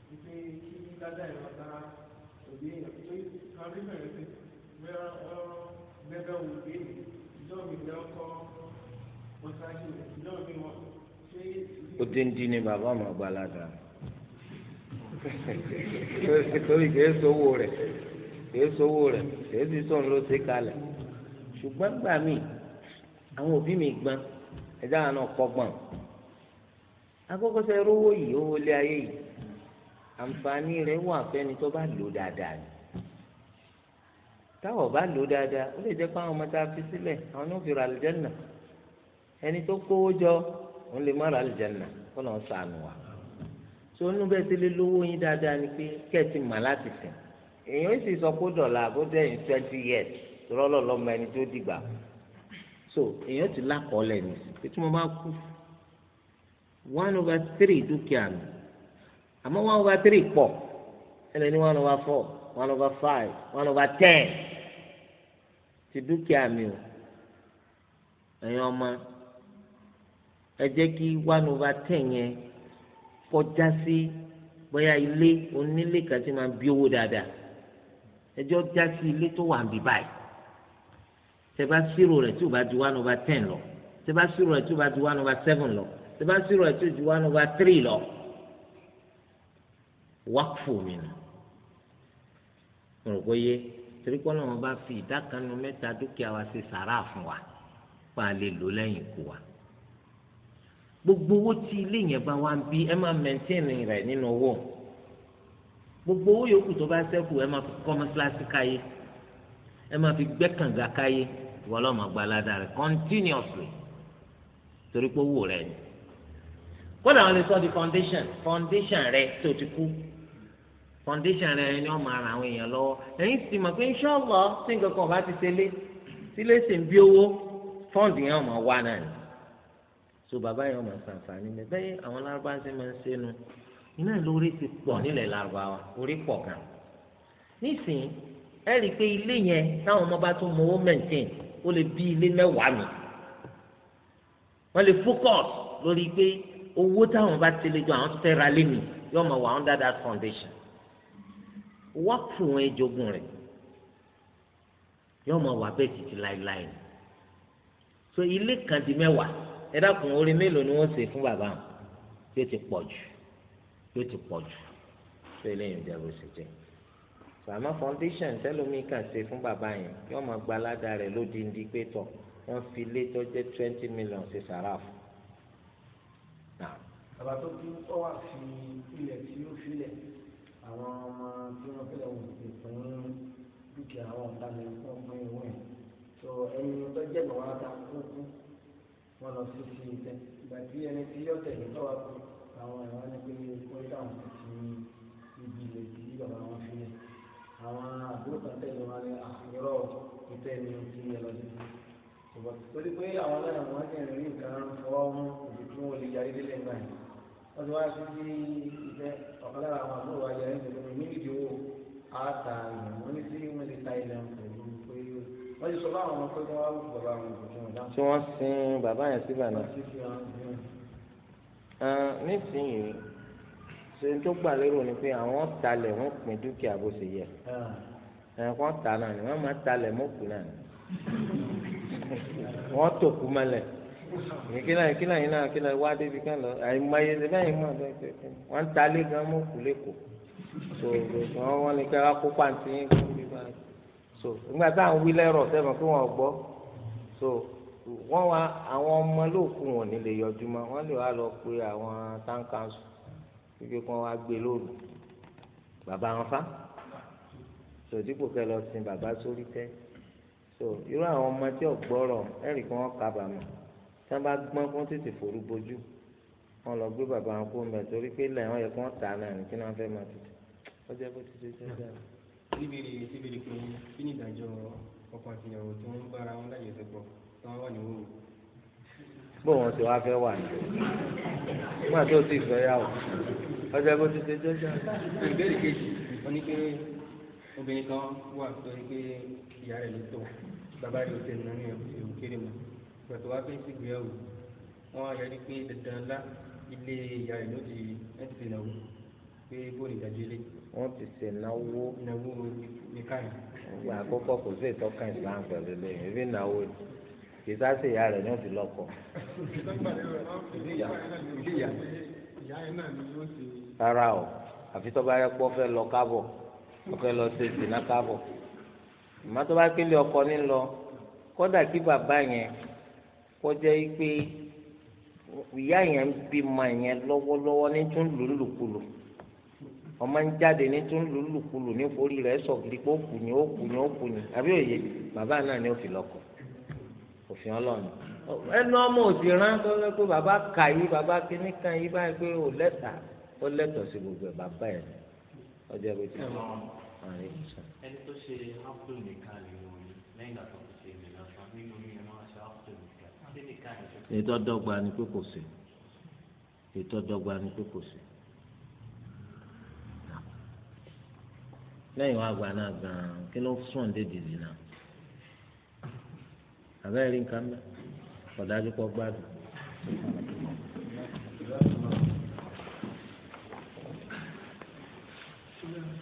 wípé kí ládàá ẹ̀rọ sára òbí èèyàn tó foundation rẹ pé wẹ́rọ gbẹ́gbẹ́ òun gbé ìjọba ìgbẹ́ ọkọ̀ mọ́sáàsì rẹ̀ ìjọba ìwọ̀n ó díndín ní bàbá ọmọ àgbàlagbà [laughs] torí kìí sówó rẹ̀ kìí sówó rẹ̀ kìí sì sọ̀rọ̀ ló ṣe kalẹ̀ ṣùgbọ́n gbà mí àwọn òbí mi gbọ́n ẹ̀dá àwọn ọ̀pọ̀gbọ̀n akókòsẹ́ rówó yìí owó ilé ayé yìí àǹfààní rẹ̀ wà fẹ́ni tó bá lò dáadáa ni táwọn bá lò dáadáa ó lè jẹ́ pé àwọn ọmọ tá a fi sílẹ̀ àwọn náà fi ra àlùjànnà ẹni tó kówó jọ òun lè má ra àlùjánnà náà sànù wa tó nínú bẹ́ẹ̀ ti lé lówó yín dáadáa ni pé kẹ́ẹ̀tì mà láti sìn èèyàn sì sọ pé dọ̀là bó dẹ́yìn twenty years tọ́lọ́ lọ́mọ ẹni tó dìgbà so èèyàn ti lákọ̀ọ́lẹ̀ ní sí pé tí mo bá kú one over three dúkìá mi àmọ́ one over three pọ̀ ẹlẹ́ni one over four one over five one over ten ti dúkìá mi o ẹ̀yin ọmọ ẹ jẹ́ kí one over ten yẹn kọjá sí bóyá ilé onílé kan tí máa bí owó dáadáa ẹ jọ já sí ilé tó wà níbí báyìí tẹ́ bá rẹ̀ tí ò bá ju one over ten lọ tẹ́ bá ṣírò rẹ̀ tí ò bá ju one over seven lọ tẹ́ bá ṣírò rẹ̀ tí ò ju one over three lọ wákfù mi nù mo rò pé yé torí pé ọlọ́run bá fi ìdá kan nu mẹ́ta dúkìá wa ṣe sàrà fún wa pa lè lò lẹ́yìn ikú wa gbogbo owó tí ilé yẹn bá wá ń bí ẹ máa mẹ́ńtẹ́ẹ̀nì rẹ̀ nínú owó gbogbo owó yòókù tó bá ṣẹ́kù ẹ máa fi kọ́ mọ́ṣáláṣí káyé ẹ máa fi gbẹ́ kànga káyé ìwọ ọlọ́mọ gbalada rẹ̀ continuously torí pé owó rẹ̀ ni kódà wọn lè sọ di foundation foundation rẹ̀ tó ti kú foundation rẹ̀ ni wọn máa ran àwọn èèyàn lọ́wọ́ ẹ̀yin sì mọ̀ pé inshallah tí nǹkan kan bá ti ṣe lé sílé sì ń bí owó fọ́ǹdì yẹn wọn máa wá náà ni so bàbá yẹn ọmọ sàǹfààní mi bẹ́ẹ̀ àwọn lárúbá ṣe máa ń ṣẹnu iná lórí ti pọ̀ nílẹ̀ lárúbá wa orí pọ̀ gan nísìnyí ẹ rí i pé ilé yẹn táwọn ọmọ bá tún mọ owó mẹ́ǹtẹ́ǹ ó lè bí ilé mẹ́wàá mi wọ́n lè fókọ̀s lórí pé owó táwọn bá ti jọ àwọn fẹ́ ra lé mi yóò mọ̀ wà under that foundation wọ́pù wọn ejogun rẹ̀ yóò mọ̀ wà bẹ́ẹ̀ títí láéláé so ilé kan di mẹ́wàá ẹ dákun orí mélòó ni wọ́n ṣe fún bàbá wọn yóò ti pọ̀ jù yóò ti pọ̀ jù tó eléyìí ń jẹ́rù sí jẹ́ sàmọ́ foundation tẹ́lómìn kan ṣe fún bàbá yẹn yóò máa gba aládà rẹ̀ lódìndí pé tọ̀ wọ́n fi lé tó jẹ́ twenty million ṣe sàrà fún bàbá tó kú ọ wà fi ilẹ̀ tí ó filẹ̀ àwọn ọmọ tí wọ́n fẹ́lẹ̀ wò lè pín dúkìá àwọn ọ̀tá mi ìwọ̀n yẹn tó ẹni tó jẹ́ bàbá ta ó wọn lọ sí sí ìtẹ ìgbà tí ẹni tí yóò tẹ̀lé tọ́wọ́ kú àwọn ẹ̀wọ́n ní pé orí táwọn ti ti ibi ilẹ̀ tí bàbá wọn fi lẹ̀ àwọn àbúrò kan tẹ̀lé wọn ní àfihàn ìtẹ́ ni ó ti yẹ lọ sí ṣùgbọ́n torí pé àwọn náà wọ́n ti rìn nǹkan fọwọ́ mú òbí tí wọ́n lè yarí délé ńgbà yìí wọ́n ti wá sí sí ìtẹ́ ọ̀kan lára àwọn àbúrò wa yarí nítorí ìdíwọ́ àtàlẹ̀ wọ́n ní sí wọ́n lè ta ilẹ̀ pẹ̀lú pé wọ́n ti sọ fún àwọn ọmọ pé wọ́n á wù bàbá àwọn ìbùkún tí wọ́n sin bàbá yẹn sí bàná. nísìnyìí ṣe tó gbà lérò ni pé àwọn talẹ̀ wọ́n pín dúkìá bó ṣe yẹ ẹ̀kọ́ ta náà ni wọ́n máa talẹ̀ mọ́kù náà ni wọ́n tó kú mọ́lẹ̀ kílà kílà yìí náà kílà wá débi kan lọ àìmọye ṣe bẹ́ẹ̀ mọ̀ bẹ́ẹ̀ pé wọ́n talé gan mọ́kù lẹ́kọ̀ọ́ tó wọ́n ní kí wọ́n kó pàǹtí yín kó bí so nígbà táwọn wí lẹ́rọ̀ sẹ́wọ̀n kí wọ́n gbọ́ so wọ́n wá àwọn ọmọ lóòkù wọn ní lè yọjú mọ́ wọ́n lè wá lọ pé àwọn town council wípé kí wọ́n wá gbé lóòlù bàbá wọn fá so dípò kẹ lọ sin bàbá sórí tẹ́ so irú àwọn ọmọ tí ò gbọ́rọ̀ ẹ̀rì kí wọ́n kábàámọ̀ tí wọ́n bá gbọ́n kí wọ́n tètè forú bojú wọ́n lọ gbé bàbá wọn kó mẹ́ torí pé lẹ́yìn wọn yẹ kí wọ́n tà náà ní kí fẹ́ máa tutù ọjọ́ bó ti ṣe jẹ́ dáa síbèrè síbèrè pé kí ni ìdájọ́ ọkọ àti ìyàwó tí wọ́n ń bára wọn láyè tó pọ̀ tí wọ́n wà ní wòrò. bó wọn ṣe wá fẹ́ wà ní nígbà tó ti fẹ́ yà wò ọjà bó ti ṣe jọjà. ìbéèrè kejì wọn ní pé obìnrin kan wà sórí pé ìyá rẹ̀ ló tó bàbá rẹ̀ ò tẹ̀ nínú ẹ̀wù kéré mọ́ pẹ̀tù wá fẹ́ sí ìgbéyàwó wọn á yọrí pé dandan ńlá ilé ìyá rẹ̀ ló ti ẹ̀ wọ́n ti ṣe náwó ìgbà àkọ́kọ́ kò sí ìtọ́ka ìsìlámù pẹ̀lú lẹ́yìn ebi náwó kì í sá sí ìyá rẹ̀ ní òsì lọ́kọ̀. rárá o àfi tó bá yẹ kó fẹ́ lọ kábọ̀ ọ̀fẹ́ lọ ṣe ìsìnà kábọ̀ ìmọ̀ tó bá kéde ọkọ nílọ kódà kí bàbá yẹn kọjá yìí pé ìyá yẹn ń bímọ yẹn lọ́wọ́lọ́wọ́ ní tún lòlùkulù ọmọ ń jáde ní tó ń lùlùkulù ní forí rẹ̀ sọ̀gìdì pé ó kù ní ó kù ní ó kù ní àbí òye bàbá náà ni ó fi lọ́kọ òfin ọlọ́run ẹnu ọmọ òsì rán tó ń pé bàbá kà yí bàbá kíní kan yí báyìí pé ó lẹ́tà ó lẹ́tọ̀ sí gbogbo ẹ̀ bàbá ẹ̀ ọjọ́ ìbí tí wọ́n ẹni tó ṣe ápùlù nìkan lè wò ní lẹ́yìn àtọ́ kò ṣe èmi lọ́sàn nínú mi ẹ̀ máa ṣe ápùlù nìkan sí nìkan ẹ̀ ṣe. ètò ọdọgba ni pé kò sí ètò ọdọgba ni pé kò sí. lẹ́yìn wá àgbà náà gan-an kí ló sùn dédì zina àbẹ́rẹ́ rí nǹkan mẹ́ ọ̀dájú pọ̀ gbádùn. Thank you.